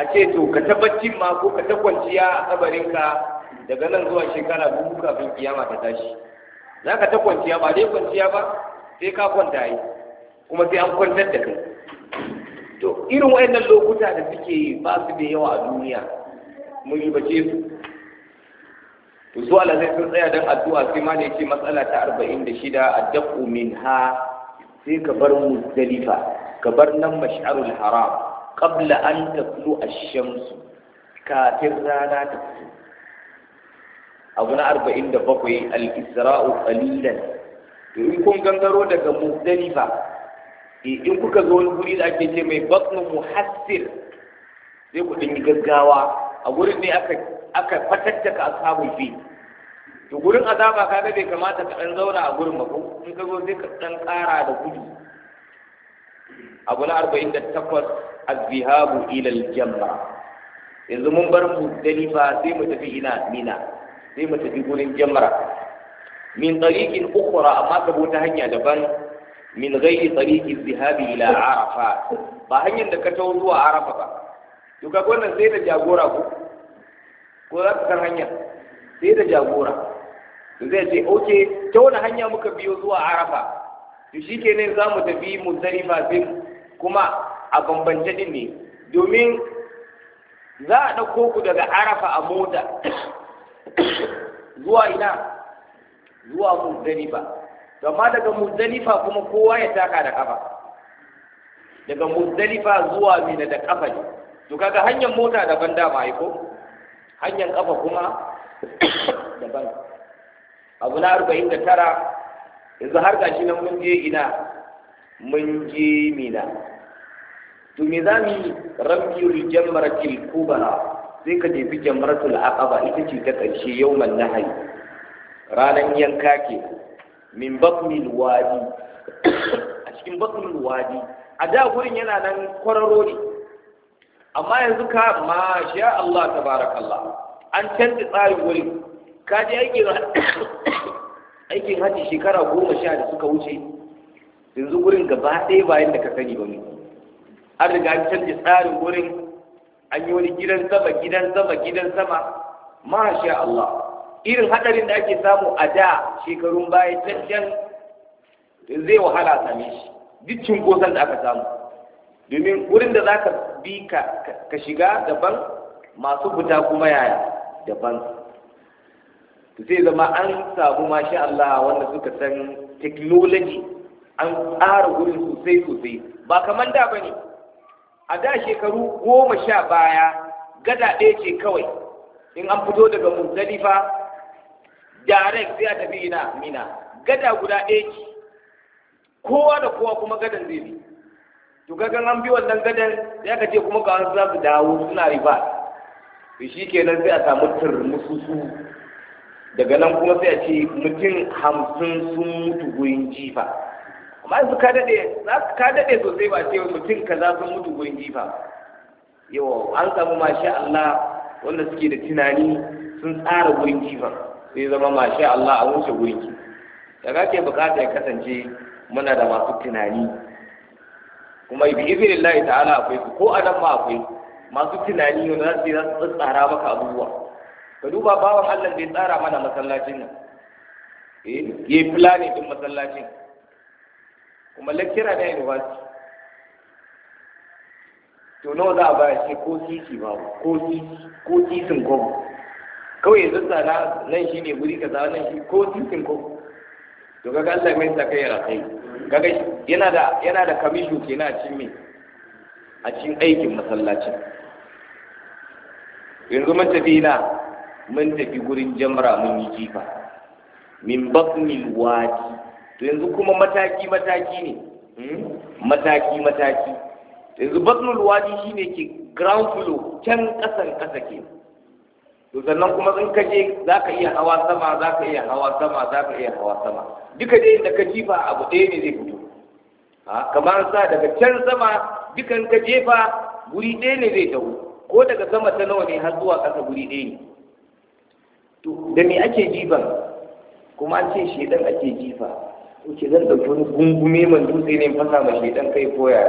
a ce to ka ta bacci ma ko ka ta kwanciya a ka daga nan zuwa shekara biyu kafin kiyama ta tashi zaka ta kwanciya ba dai kwanciya ba sai ka kwanta yi kuma sai an kwantar da kai to irin wayannan lokuta da suke ba su da yawa a duniya mun yi bace su to su alazai sun tsaya don addu'a sai ma ne ce matsala ta arba'in da shida addaku min ha sai ka bar muzdalifa ka bar nan mash'arul haram qabla an tatlu a shamsu kafin rana ta fito abu na arba'in da bakwai al-isra'u qalilan to in kun gangaro daga muzdalifa eh, in kuka zo wani guri da ake ce mai batnu muhassir sai ku dinga gaggawa a gurin ne aka aka a ashabul fi to gurin azaba kaga bai kamata ka dan zauna a gurin ba in ka zo sai ka ɗan ƙara da gudu abu na arba'in da takwas azbihabu ilal jamma yanzu mun bar mu dalifa sai mu tafi ina mina sai mu tafi gurin jamra min tariqin ukhra amma ka ta hanya daban min ghairi tariqi zihabi ila arafa ba hanyar da ka tawo zuwa arafa ba to ka gwanan sai da jagora ko ko za ka san hanya sai da jagora to zai ce ok ta wani hanya muka biyo zuwa arafa to shi ke ne za mu tafi mu muzdalifa din kuma a bambance din ne domin za a ɗauko ku daga arafa a mota zuwa ina zuwa muzdalifa to amma daga mu muzdalifa kuma kowa ya taka da kafa daga muzdalifa zuwa mina da kafa ne to kaga hanyar mota daban da ba ko hanyar kafa kuma daban abu na arba'in da tara yanzu har gashi nan mun je ina mun je mina to me za mu yi rabbiyul jamratil kubra sai ka jefi jamratul aqaba ita ce ta karshe yawman nahari ranar yanka ke min bakmil wadi a cikin bakmil wadi a da gurin yana nan kwararo ne amma yanzu ka ma sha Allah tabarakallah an canza tsarin wuri ka je aikin aikin shekara goma sha da suka wuce yanzu gurin gaba ɗaya bayan da ka sani ba ne an riga an canza tsarin wurin, an yi wani gidan sama gidan sama gidan sama sha Allah irin hadarin da ake samu a da shekarun baya can zai wahala same shi duk cunkoson da aka samu domin wurin da za ka bi ka shiga daban masu fita kuma yaya daban zai zama an samu mashi Allah wanda suka san technology an tsara wurin sosai sosai ba kamar da ba ne a da shekaru goma sha baya gada ɗaya ce kawai in an fito daga muzdalifa direct sai a tafi ina mina gada guda ɗaya ce kowa da kowa kuma gadan zai bi to kaga an bi wannan gadan sai aka ce kuma ga wasu za su dawo suna riba to shi kenan sai a samu turmususu daga nan kuma sai a ce mutum hamsin sun mutu gurin jifa amma su ka daɗe ka daɗe sosai ba ce mutum ka za sun mutu gurin jifa yawa an samu masha Allah wanda suke da tunani sun tsara gurin jifa sai zama masha Allah a wuce gurin ki daga ke bukata ya kasance muna da masu tunani kuma bi iznillahi ta'ala akwai su ko adam ma akwai masu tunani ne za su za tsara maka abubuwa ka duba bawan Allah da ya tsara mana masallacin nan eh yi planning din masallacin kuma lecturer ne university to nawa za a baya shi ko titi ba ko titi ko titin gwamnati kawai yanzu tsada nan shi ne wuri zama nan shi ko titin gwamnati to kaga Allah mai saka ya rakai kaga yana da yana da kamishu kenan a cikin me a cikin aikin masallacin yanzu mun tafi na mun tafi gurin jamra mun yi jifa min batnil wadi to yanzu kuma mataki mataki ne hmm? mataki mataki yanzu batnul wadi shine ke ground floor can kasan kasa kenan to sannan kuma in ka je za ka iya hawa sama za ka iya hawa sama za ka iya hawa sama duka dai da ka jifa abu ɗaya ne zai fito kamar sa daga can sama dukan ka jefa guri ɗaya ne zai taho ko daga sama ta nawa ne har zuwa ƙasa guri ɗaya ne to da me ake jifan kuma an ce shedan ake jifa ke zan ɗauki wani gungume man dutse ne fasa ma shedan kai koya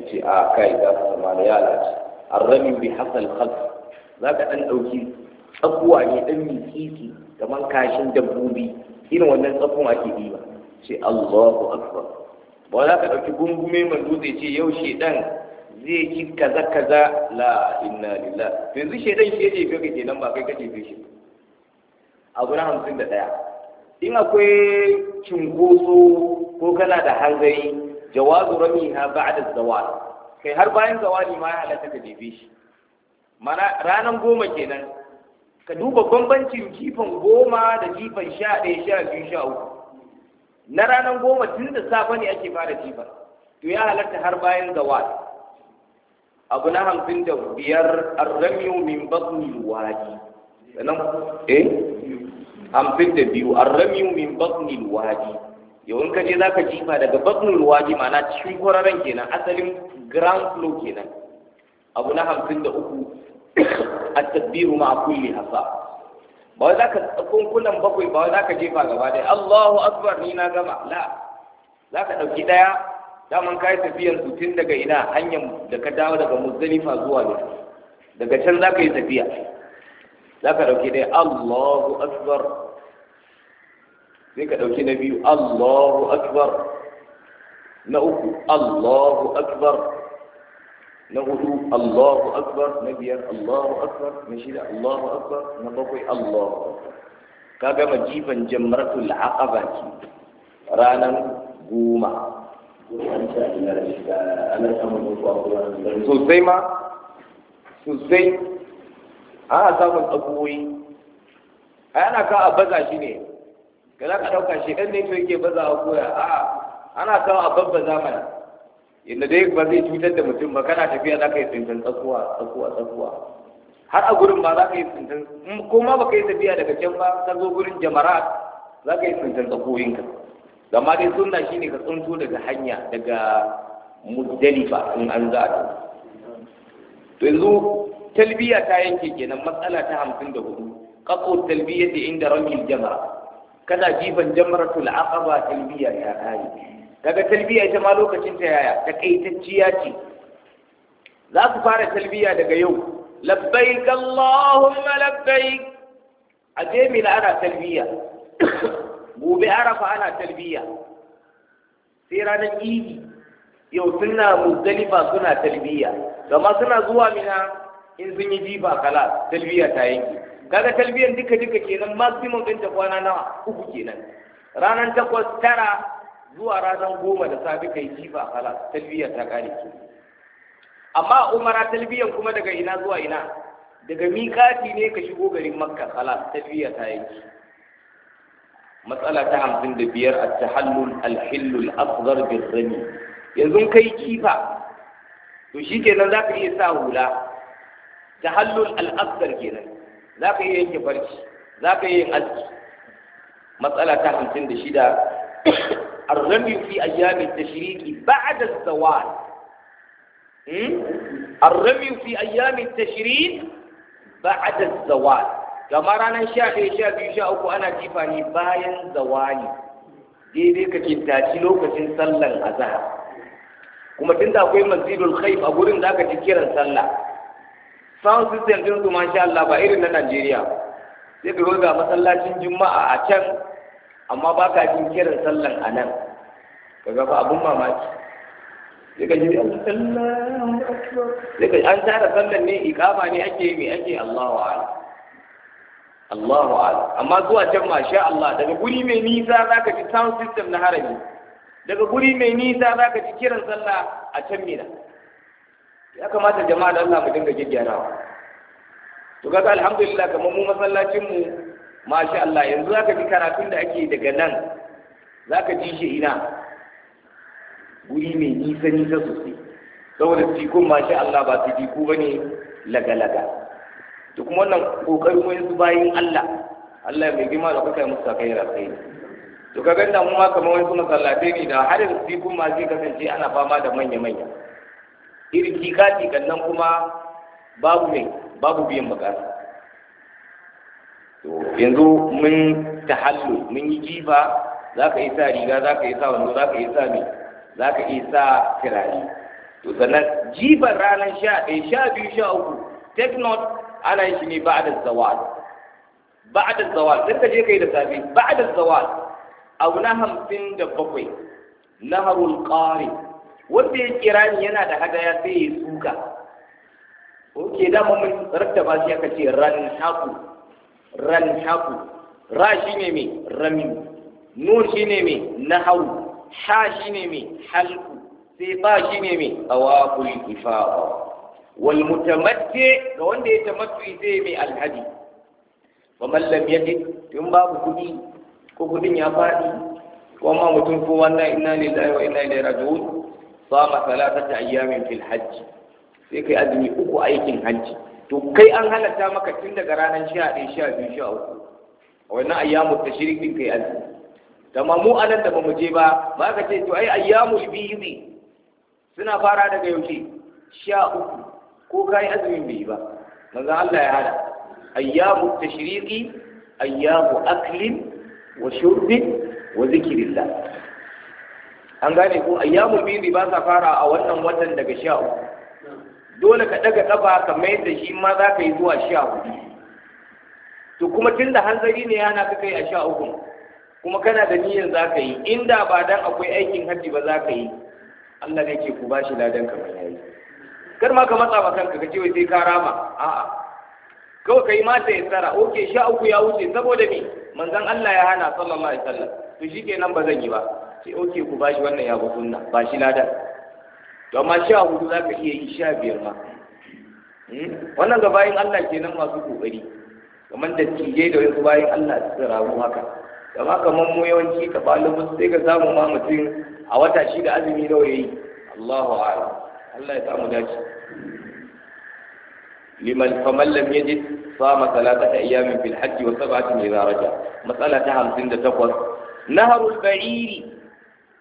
a ce a ah, kai za ka samu da yala ce arramin bi hasal khalf za ka ɗan ɗauki tsakuwa ne ɗan mitsitsi kamar kashin dabbobi irin wannan tsakon ake bi ba ce Allahu akbar ba za ka ɗauki gungume mai dutse ce yau shaidan zai ci kaza kaza la inna lillah to yanzu shaidan shi yake kai kake nan ba kai kake fi shi abu na hamsin da ɗaya in akwai cunkoso ko kana da hanzari jawazu ramiha da zawar. kai har bayan ne ma ya halatta ka jefe shi mana ranan goma kenan ka duba bambancin jifan goma da jifan sha ɗaya sha biyu sha uku na ranar goma tun da safe ne ake fara jifa to ya halatta har bayan zawal abu na hamsin da biyar arramiyu min batni wadi sannan eh hamsin da biyu arramiyu min batni wadi yawan kaje za ka jifa daga batnin wadi ma'ana cikin kwararren kenan asalin grand flow kenan abu na hamsin da uku at-tadbiru ma'a kulli hasa ba za ka kunkunan bakwai ba za ka jefa gaba ɗaya Allahu akbar ni na gama la za ka ɗauki ɗaya daman ka yi tafiyar su tun daga ina hanyar da ka dawo daga muzdalifa zuwa ne daga can za ka yi tafiya za ka ɗauki ɗaya Allahu akbar sai ka ɗauki na biyu Allahu akbar na uku Allahu akbar na hudu Allahu akbar na biyar Allahu akbar na shida Allahu akbar na bakwai Allahu ka gama jifan jamratul aqaba ki ranan goma sosai ma sosai ana samun tsakuwoyi a yana ka a baza shi ne ga za ka ɗauka shi ɗan ne to yake baza a koya a ana kawo a babbaza zamani. inda dai ba zai cutar da mutum ba kana tafiya za ka yi tsintan tsakuwa tsakuwa tsakuwa har a gurin ba za ka yi tsintan ko ma ba ka yi tafiya daga can ba ka zo gurin jamarat za ka yi tsintan ka zama dai sunna ne ka tsinto daga hanya daga ba in an za a to yanzu talbiya ta yanke kenan matsala ta hamsin da hudu kaso talbiya da inda ramin jamara kana jifan jamaratul aqaba talbiya ta kare daga talbiya ita ma lokacin ta yaya takaitacciya ce za ku fara talbiya daga yau labbai allahumma labbai. a jemila ana talbiya gobe arafa ana talbiya sai ranar idi yau suna muzdalifa suna talbiya gama suna zuwa mina in sun yi jifa kala talbiya ta yanki kaga talbiyan duka duka kenan maximum ɗin ta kwana nawa uku kenan ranar takwas tara zuwa ranar goma da safe kai jifa kala talbiya ta kare ki amma umara talbiyan kuma daga ina zuwa ina daga mikati ne ka shigo garin makka kala talbiya ta ke. matsala ta hamsin da biyar a tahallul alhillul asghar bin rami yanzu kai kifa to shi kenan za ka iya sa hula tahallul al'asar kenan za ka iya yin barci za ka iya yin aski matsala ta hamsin da shida الرمي في أيام التشريق بعد الزوال الرمي في أيام التشريق بعد الزوال كما رأنا شاخي شاخي شاخي أنا جفاني باين زوالي دي دي كتن تاتلو كتن صلى الأزهر كما تنتا في مسجد الخيف أقول إن داك تكير صلى سيستم تنتو ما شاء الله بائر نجيريا سيكي غلقا مسلاتين جمعة أتن amma ba ka jin kiran sallan a nan ka ga abun mamaki sai ka ji Allahu akbar sai an tara sallan ne iqama ne ake yi ake Allahu akbar Allahu akbar amma zuwa can sha Allah daga guri mai nisa zaka ji sound system na harami daga guri mai nisa zaka ji kiran sallah a can mina ya kamata jama'a da Allah mu dinga gyaggyarawa to kaga alhamdulillah kamar mu masallacin mu masha Allah yanzu zaka ji karatun da ake daga nan zaka ji shi ina guri mai nisa nisa sosai saboda tikun masha Allah ba su tiku ne laga laga to kuma wannan kokarin wani su bayin Allah Allah mai girma da kuka yi musu kai rasai to ka ganda mu ma kamar wani masallatai ne da har yanzu tikun ma zai kasance ana fama da manya manya irin kika kan nan kuma babu mai babu biyan bukata yanzu mun tahallu mun yi jifa za ka yi sa riga za ka yi sa wando za ka yi sa mai za ka sa kirari to sannan jifar ranar sha ɗaya sha biyu sha uku take note ana yin shi ne ba da zawal ba da zawal sai ka je ka yi da safe ba da zawal abu na hamsin da bakwai na harul ƙari. wanda ya kira ni yana da hadaya sai ya suka oke dama mun rattaba shi aka ce ran haku Ran haku ra shine mai rami nur shine mai nahau, ha shine mai halku sai ba shine mai kuli ifa. wal mutamatti ga wanda ya tamattu zai mai alhadi wa man lam yati tun babu kudi ko kudin ya fadi ko ma mutum ko wanda inna lillahi wa inna ilaihi raji'un sama salatata ayyamin fil hajj sai kai azumi uku aikin hajji to kai an halatta maka tun daga ranar sha ɗaya sha biyu sha uku a wannan ayyamu ta shirikin kai azumi amma mu anan da bamu je ba ba ka ce to ai biyu ne. suna fara daga yaushe sha uku ko kai azumin bai ba manzo Allah ya hada ayyamu tashriqi ayyamu aklin wa shurbin wa zikrillah an gane ko ayyamul bidi ba sa fara a wannan watan daga sha uku dole ka daga kafa ka mai da shi ma za ka yi zuwa sha hudu to kuma tun da hanzari ne yana ka kai a sha uku kuma kana da niyyar za ka yi inda ba dan akwai aikin hajji ba za ka yi Allah ne ke ku ba shi ladan kamar yayi kar ma ka matsa ba kanka ka ce wai sai ka rama a'a kawai ka yi mata ya tsara oke sha uku ya wuce saboda me manzon Allah ya hana sallallahu alaihi wasallam to shikenan ba zan yi ba sai oke ku bashi wannan ya ba sunna ba shi ladan to amma sha hudu za ka iya yi sha biyar ma hmm? wannan ga bayan Allah ke nan masu kokari kamar da tije da wasu bayan Allah su rabu haka kama kamar mu yawanci ka balibus sai ka samu ma mutum a wata shi da azumi nawa yayi Allahu a'lam Allah ya samu dace liman faman lam yajid sama salatata ayyamin fil hajji wa sab'atin idza raja Matsala ta 58 naharul ba'iri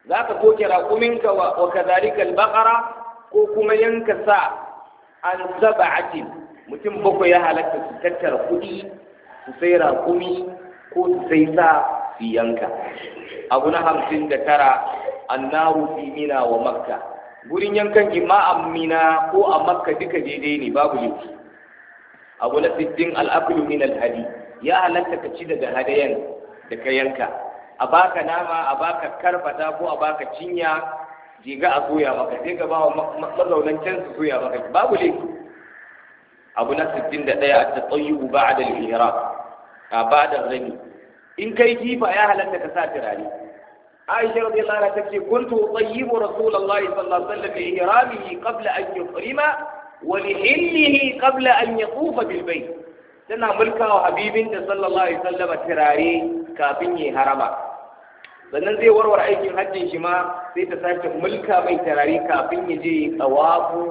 za ka soke raƙuminka wa kazalika baƙara ko kuma yanka sa an zaba sab'atin mutum bakwai ya halatta su tattara kuɗi su sai raƙumi ko su sai sa su yanka abu na hamsin da tara na rufi mina wa makka gurin yankan ima a mina ko a makka duka daidai ne babu laifi abu na sittin al'akulu min al-hadi ya halatta ka ci daga hadayan da ka yanka a baka nama a baka karfata ko a baka cinya jiga a soya maka sai ka ba mazaunan can su soya maka babu laifi abu na sittin da ɗaya a tsayyu ba da dalilira a ba da rami in kai kifa, ya halatta ka sa turare aisha rabbi allah ta ce kuntu tsayyibu rasulullahi sallallahu alaihi wasallam ihramihi qabla an yufrima wa lihillihi qabla an yatufa bil bayt tana mulkawa habibinta sallallahu alaihi wasallam turare kafin ya harama sannan zai warware aikin hajjin shi ma sai ta sake mulka mai tarari kafin ya je tsawafu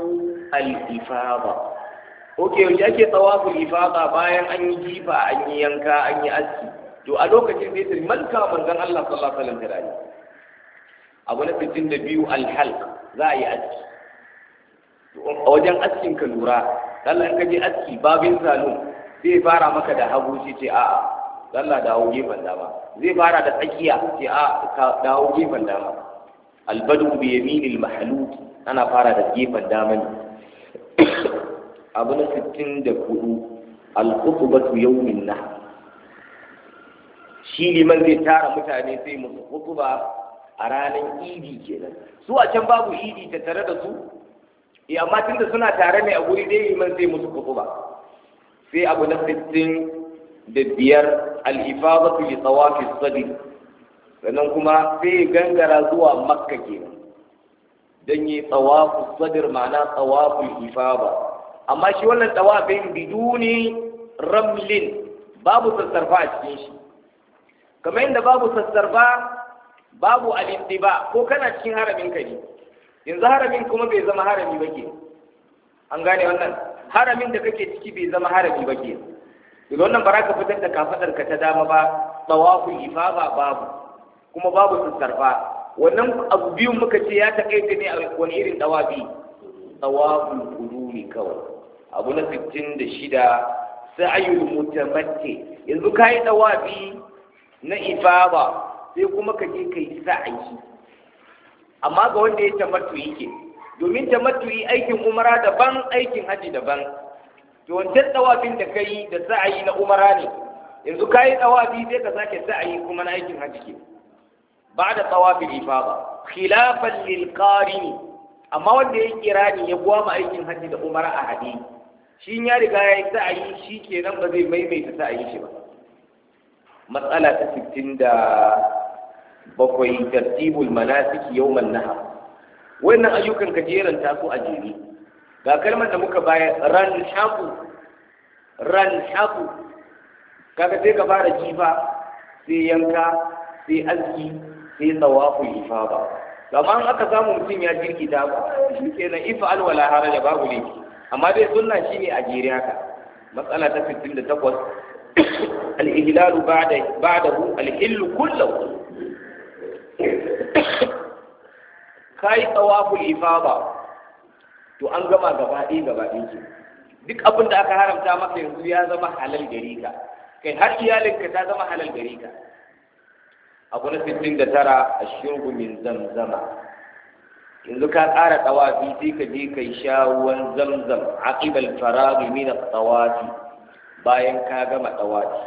al-ifada ok ya ke tsawafu ifada bayan an yi jifa an yi yanka an yi aski to a lokacin zai ta mulka manzon Allah sallallahu alaihi wasallam tarari abu na da biyu halq za a yi aski a wajen askin ka lura Allah ka je aski babin salon zai fara maka da hagu shi ce a'a Allah dawo gefen dama zai fara da tsakiya ce a ka dawo gefen dama albadu bi yaminil mahlut ana fara da gefen dama ne abu na 64 al-khutbatu yawmin nahr shi liman zai tara mutane sai musu hutuba a ranar idi kenan su a can babu idi ta tare da su eh, amma tunda suna tare ne a guri dai liman sai musu hutuba sai abu na sittin da biyar yi li tsawafi sadi sannan kuma sai gangara zuwa makka ke, don yi tsawafu sadir ma'ana tsawafu ifaba amma shi wannan tsawafin biduni ramlin babu sassarfa a cikin shi kamar yadda babu sassarfa babu ba, ko kana cikin haramin ka ne yanzu haramin kuma bai zama harami ba ke an gane wannan haramin da kake ciki bai zama harami ba ke da wannan ba za ka fitar da kafaɗar ka ta dama ba tawaful ifada babu kuma babu sarfa. wannan abu biyu muka ce ya takaita ne a wani irin tawafi Kudu ne kawai abu na sittin da shida mu ta mace. yanzu ka yi tawafi na ifaba, sai kuma ka je yi sa'ayi amma ga wanda ya tamattu yake domin tamattu aikin umara daban aikin hajji daban to wancan dawafin da yi da sa'ayi na umara ne yanzu kayi tsawafi sai ka sake sa'ayi kuma na aikin hajji ke ba da tawafin ba. khilafan lil qarini amma wanda ya ni ya gwama aikin hajji da umara a hadi shi ya riga ya yi sa'ayi shi kenan ba zai maimaita sa'ayi shi ba matsala ta 67 tartibul manasiki yawman nahar wannan ayyukan ka jeranta su a jere ga kalmar da muka bayar ran shaku ran shaku kaga sai ka fara jifa sai yanka sai aski sai tsawafu ifa ba amma an aka samu mutum ya jirki da ba shi kenan ifa alwala da babu ne amma dai sunna ne a jere haka matsala ta 68 al-ihlalu ba'da ba'dahu al-hillu kullahu kai tsawaful ba to an gama gaba ɗaya gaba ɗaya ke duk abin da aka haramta maka yanzu ya zama halal gari ka kai har iyalinka ta zama halal gari ka abu na sittin da tara a shirgu min zamzama yanzu ka ƙara tsawafi sai ka je kai sha ruwan zamzam aqibal faraghi min at-tawafi bayan ka gama tsawafi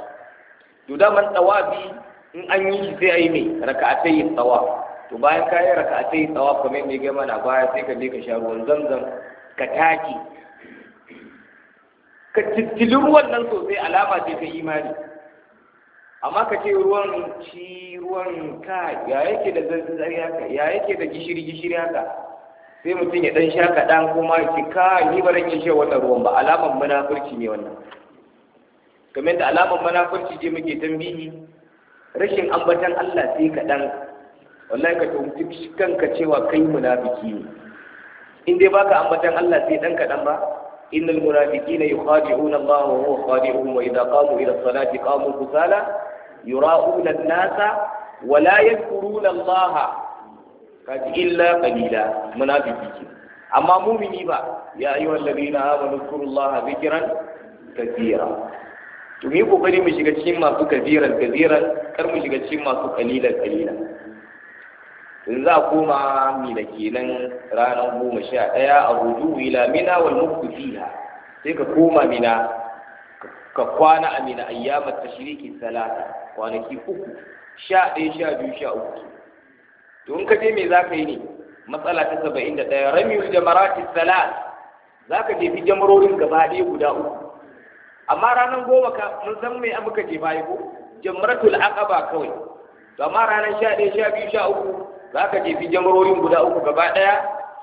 to daman tsawafi in an yi shi sai yi mai raka'atai tawaf to bayan ka yi raka sai tsawa kamar mai gama na baya sai ka je ka sha ruwan zamzam ka taki ka cikin ruwan nan sosai alama ce yi imani amma ka ce ruwan ci ruwan ka ya yake da zanzan haka ya yake da gishiri gishiri haka sai mutum ya dan sha kaɗan kuma ya ce ka ni ba rage shan wannan ruwan ba alamar munafurci ne wannan kamar da alamar munafurci je muke tambihi rashin ambatan Allah sai kaɗan wallahi ka tumci kanka cewa kai munafiki ne in dai baka ambatan Allah sai dan kadan ba innal munafiqina yukhadi'una Allah wa huwa khadi'uhum wa idza qamu ila salati qamu kusala yura'una an-nasa wa la yadhkuruna Allah kaji illa qalila munafiki amma mumini ba ya ayyuhal ladina amanu zkurullaha dhikran kathira to mu kokari mu shiga cikin masu kaziran kaziran kar mu shiga cikin masu kalilan kalilan in za a koma mina kenan ranar goma sha ɗaya a ruju wila mina wal muktu fiha sai ka koma mina ka kwana a mina ta shirikin salata kwanaki uku sha ɗaya sha biyu sha uku to in ka je me za ka yi ne matsala ta saba'in da ɗaya ramiyul jamarati salat za ka jefi jamarorin gaba ɗaya guda uku amma ranar goma ka mun san me abu ka jefa ko jamratul aqaba kawai to amma ranar sha ɗaya sha biyu sha uku za ka jefi jamarorin guda uku gaba ɗaya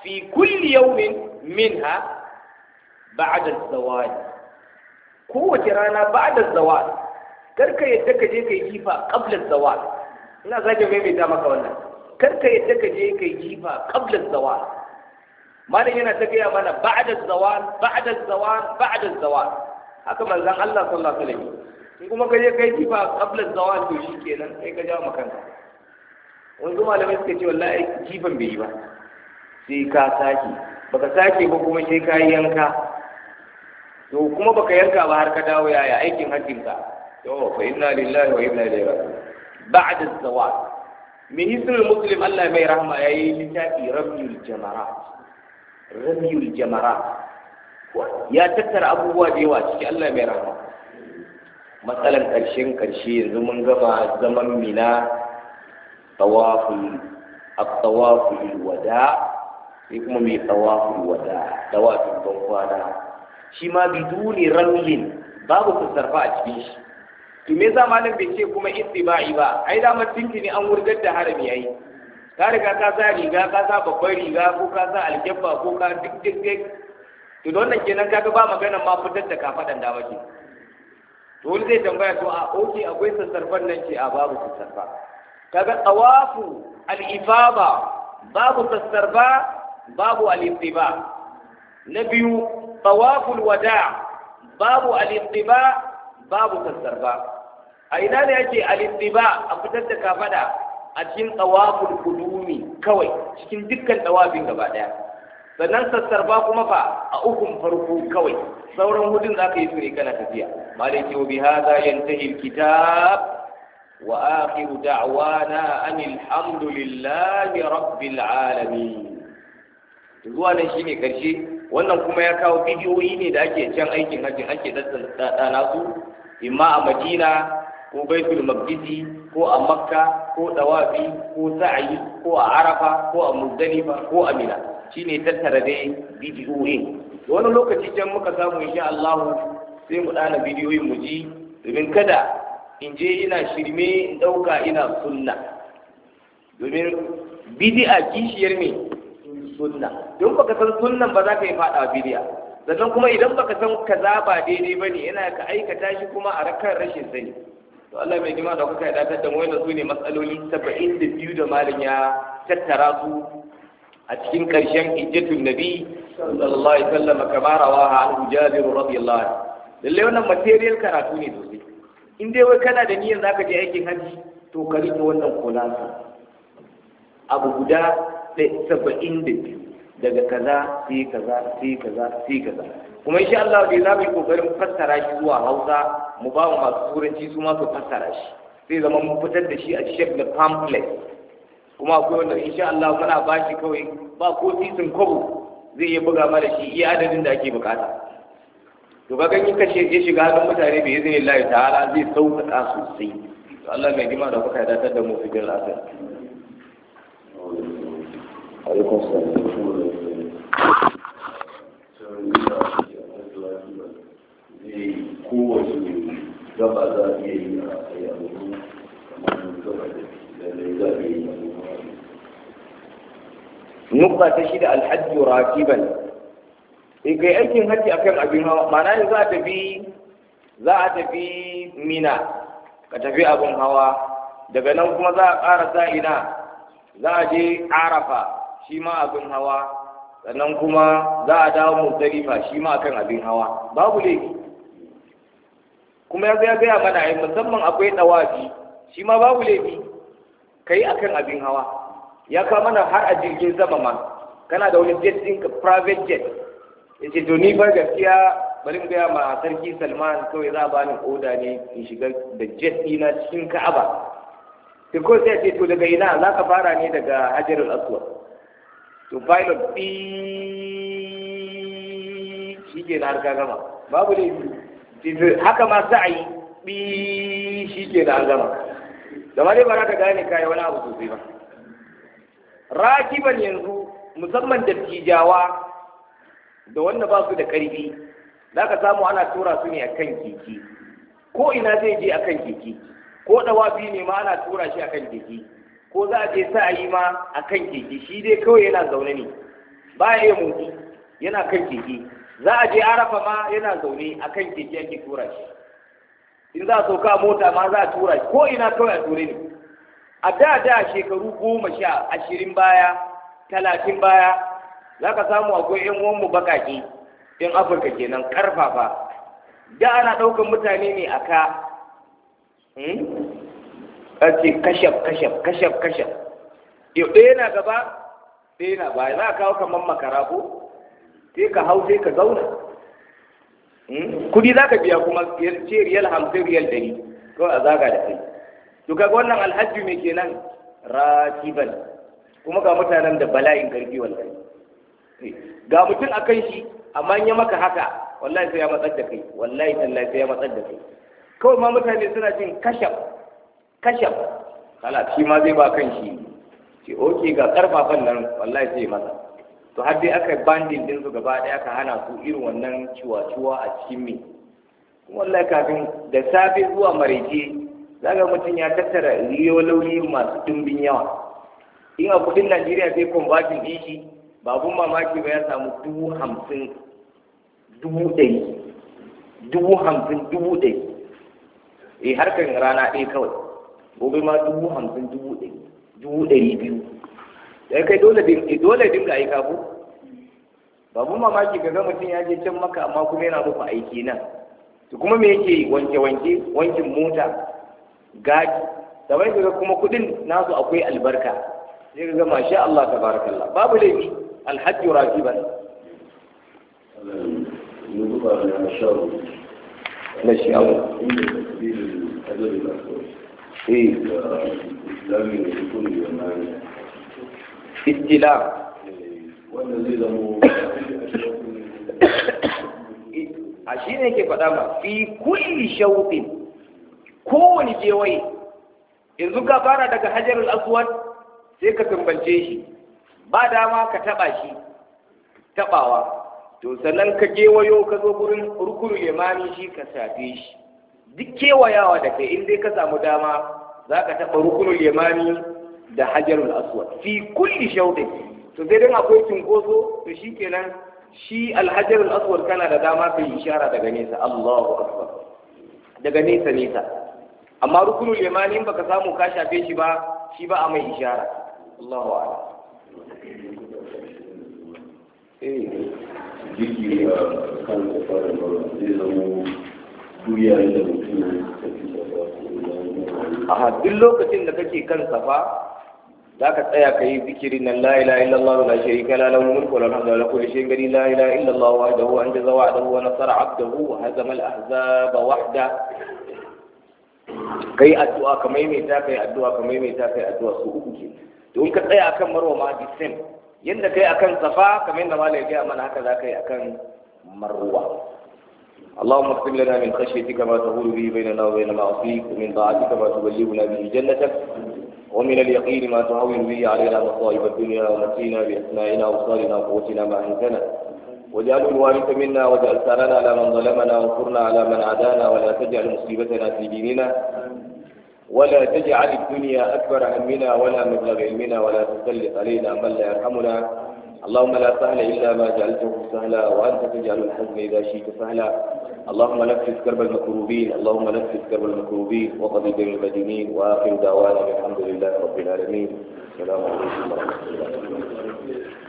fi kulli yaumin minha ba'da zawal kowace rana ba'da zawal kar ka yadda ka je kai jifa qabla zawal ina zaka maimaita maka wannan kar ka yadda ka je kai jifa qabla zawal malam yana ta gaya mana ba'da zawal ba'da zawal ba'da zawal haka manzon Allah sallallahu alaihi wasallam in kuma ka je kai jifa qabla zawal to shikenan sai ka ja makanka wanzu malamai suka ce wallahi kifin bai yi ba sai ka sake baka sake ba kuma sai ka yanka to kuma baka yanka ba har ka dawo yaya aikin hajjin ka to fa inna lillahi wa inna ilaihi raji'un ba'da zawal ministry muslim Allah mai rahama yayi littafi rabiul jamarat rabiul jamarat ya tattara abubuwa da yawa ciki Allah mai rahama matsalan ƙarshen ƙarshe yanzu mun gama zaman mina tawaful at-tawaful wada sai kuma mai tawaful wada tawafin ban kwana shi ma biduni ramlin babu kusarfa a cikin shi to me yasa malam bai ce kuma ittiba'i ba ai da mutunci ne an wurgar da harami yayi ka riga ka sa riga ka sa babbar riga ko ka sa alkebba ko ka duk duk duk to don nan kenan kaga ba maganar ma fitar da kafadan da wake to wani zai tambaya to a oke akwai sassarfan nan ce a babu sassarfa kaga tawafu al-ifada babu tasarba babu al-ittiba na biyu tawaful wada babu al-ittiba babu tasarba a ina ne ake al-ittiba a fitar da kafada a cikin tawaful qudumi kawai cikin dukkan tawafin gaba daya sannan sassarfa kuma fa a ukun farko kawai sauran hudun za ka yi su ne kana tafiya malai ce wa bi yantahi kitab وآخر دعوانا أن الحمد لله رب العالمين zuwa nan shine karshe wannan kuma ya kawo bidiyoyi ne da ake can aikin hajji ake daddana su imma a Madina ko Baitul Maqdisi ko a Makka ko Dawafi ko Sa'i ko a Arafa ko a Muzdalifa ko a Mina shine tattara dai bidiyoyin wani lokaci can muka samu insha Allah sai mu dana bidiyoyin mu ji domin kada in je ina shirme in ɗauka ina sunna domin bidi'a kishiyar me sunna don baka san sunnan ba za ka yi faɗa bidi'a sannan kuma idan baka san kaza ba daidai ba ne, yana ka aikata shi kuma a rakan rashin sani to Allah mai girma da kuka yadda da wannan su ne matsaloli 72 da malin ya tattara su a cikin karshen ijjatul nabi sallallahu alaihi wasallam kamar rawaha al-jabir radiyallahu anhu lalle wannan material karatu ne sosai in dai wai kana da niyyar zaka je aikin hajji to ka rike wannan kulasa abu guda saba'in da biyu daga kaza sai kaza sai kaza sai kaza kuma insha Allah bai za mu yi kokarin fassara shi zuwa Hausa mu ba mu masu turanci su ma su fassara shi zai zama mun fitar da shi a shape na pamphlet kuma akwai wanda insha Allah muna ba shi kawai ba ko titin kobo zai iya buga mana shi iya adadin da ake bukata to ba ganin kace ya shiga ga mutane bi izini Allah ta'ala zai sauƙaƙa sosai to Allah mai gima da kuka datar da mu cikin lafiya alaikum kowace gaba za a iya yi a tsaye a wuri kamar gaba da lalai za a iya yi a wuri nukta ta shida alhaji rakiban in eh, kai aikin hajji akan abin hawa ma'ana ne za a tafi za a tafi mina ka tafi abin hawa daga nan kuma za a ƙara sa za a je arafa shi ma abin hawa sannan kuma za a dawo muzdalifa shi ma akan abin hawa babu laifi kuma ya gaya gaya mana ai eh, musamman akwai ɗawafi shi ma babu laifi kai akan abin hawa ya kawo mana har a jirgin sama ma kana da wani jet ɗinka private jet ya ce to ni ba gaskiya bari mu gaya ma sarki salman kawai za a ba ni oda ne in shiga da jet dina cikin ka'aba to ko sai ce to daga ina za ka fara ne daga hajarul aswad to pilot bi shi ke na harka gama babu ne haka ma yi bi shi ke na gama da ma dai ba za ka gane kayi wani abu sosai ba rakiban yanzu musamman dattijawa da wanda ba su da ƙarfi za ka samu ana tura su ne a kan keke ko ina zai je a kan keke ko ɗawafi ne ma ana tura shi a kan keke ko za a je sa yi ma a kan keke shi dai kawai yana zaune ne ba ya yi motsi yana kan keke za a je arafa ma yana zaune a kan keke ake tura shi in za a sauka mota ma za a tura shi ko ina kawai a tura ne a da da shekaru goma sha ashirin baya talatin baya za ka samu akwai yan uwanmu bakaki yan afirka kenan karfafa da ana ɗaukar mutane ne a ka hmm? ce kashaf kashaf kashaf kashaf yau ɗaya na gaba ɗaya na baya za a kawo kamar makara ko sai ka hau sai ka zauna hmm? kudi za ka biya kuma ce riyal hamsin riyal ɗari ko a zaga da kai to kaga wannan alhaji mai kenan ratiban kuma ga mutanen da bala'in karfi wallahi ga mutum a kan shi amma ya maka haka wallahi sai ya matsar da kai wallahi tallahi sai ya matsar da kai kawai ma mutane suna cin kashaf kashaf kala shi ma zai ba kan shi ce oke ga karfafan nan wallahi sai masa to har dai aka bandin din su gaba daya aka hana su irin wannan ciwa a cikin me wallahi kafin da safe zuwa maraice zaga mutum ya tattara riyololi masu dimbin yawa in a kudin najeriya sai convertin din shi babun mamaki ba ya samu dubu hamsin dubu ɗai dubu hamsin dubu ɗai eh harkar rana ɗaya kawai gobe ma dubu hamsin dubu ɗai dubu ɗari biyu da kai dole eh, dole dinga aika ko babun mamaki ga mutum ya je can maka amma kuma yana muku aiki nan to kuma me yake wanke wanke wankin mota gadi da bai ga kuma kudin nasu akwai albarka sai ga masha Allah tabarakallah babu laifi alhaji rajiban na shawo istila wanda a shi ne ke faɗa ma fi kulli shautin kowane kewaye yanzu ka fara daga hajarul aswad sai ka tambance shi ba dama ka taɓa shi taɓawa to sannan ka kewayo ka zo gurin rukun limami shi ka shafe shi duk kewayawa da kai in dai ka samu dama za ka taɓa rukunin limami da hajarul aswad fi kulli shaudin to sai dan akwai cinkoso to shi kenan shi alhajarul aswad kana da dama ka yi ishara daga nesa Allahu akbar daga nesa nesa amma rukunin limami in baka samu ka shafe shi ba shi ba a mai ishara Allahu akbar Eh, eh, a ah, duk lokacin da kake kan safa za ka tsaya ka yi zikirin nan la'ila illallah wa la sharika la lahu mulku wa lahu hamdu wa lahu kulli shay'in qadir la ilaha illallah wahdahu anjaza wa'dahu wa nasara 'abdahu wa hazama al wahda kai addu'a ka maimaita kai addu'a ka maimaita kai addu'a su uku ke don ka tsaya akan marwa ma the same yadda kai akan safa kamar yadda malai ya mana haka za yi akan marwa اللهم اقسم لنا من خشيتك ما تقول به بيننا وبين معصيك ومن طاعتك ما تبلغنا به جنتك ومن اليقين ما تهون به علينا مصائب الدنيا ونسينا بأسمائنا وصالنا وقوتنا ما أنزلنا واجعله الوارث منا واجعل ثارنا على من ظلمنا وانصرنا على من عادانا ولا تجعل مصيبتنا في ديننا ولا تجعل الدنيا أكبر همنا ولا مبلغ علمنا ولا تسلط علينا من لا يرحمنا اللهم لا سهل إلا ما جعلته سهلا وأنت تجعل الحزن إذا شئت سهلا اللهم نفس كرب المكروبين اللهم نفس كرب المكروبين وقضي بين المدينين وآخر دعوانا الحمد لله رب العالمين السلام عليكم ورحمة الله وبركاته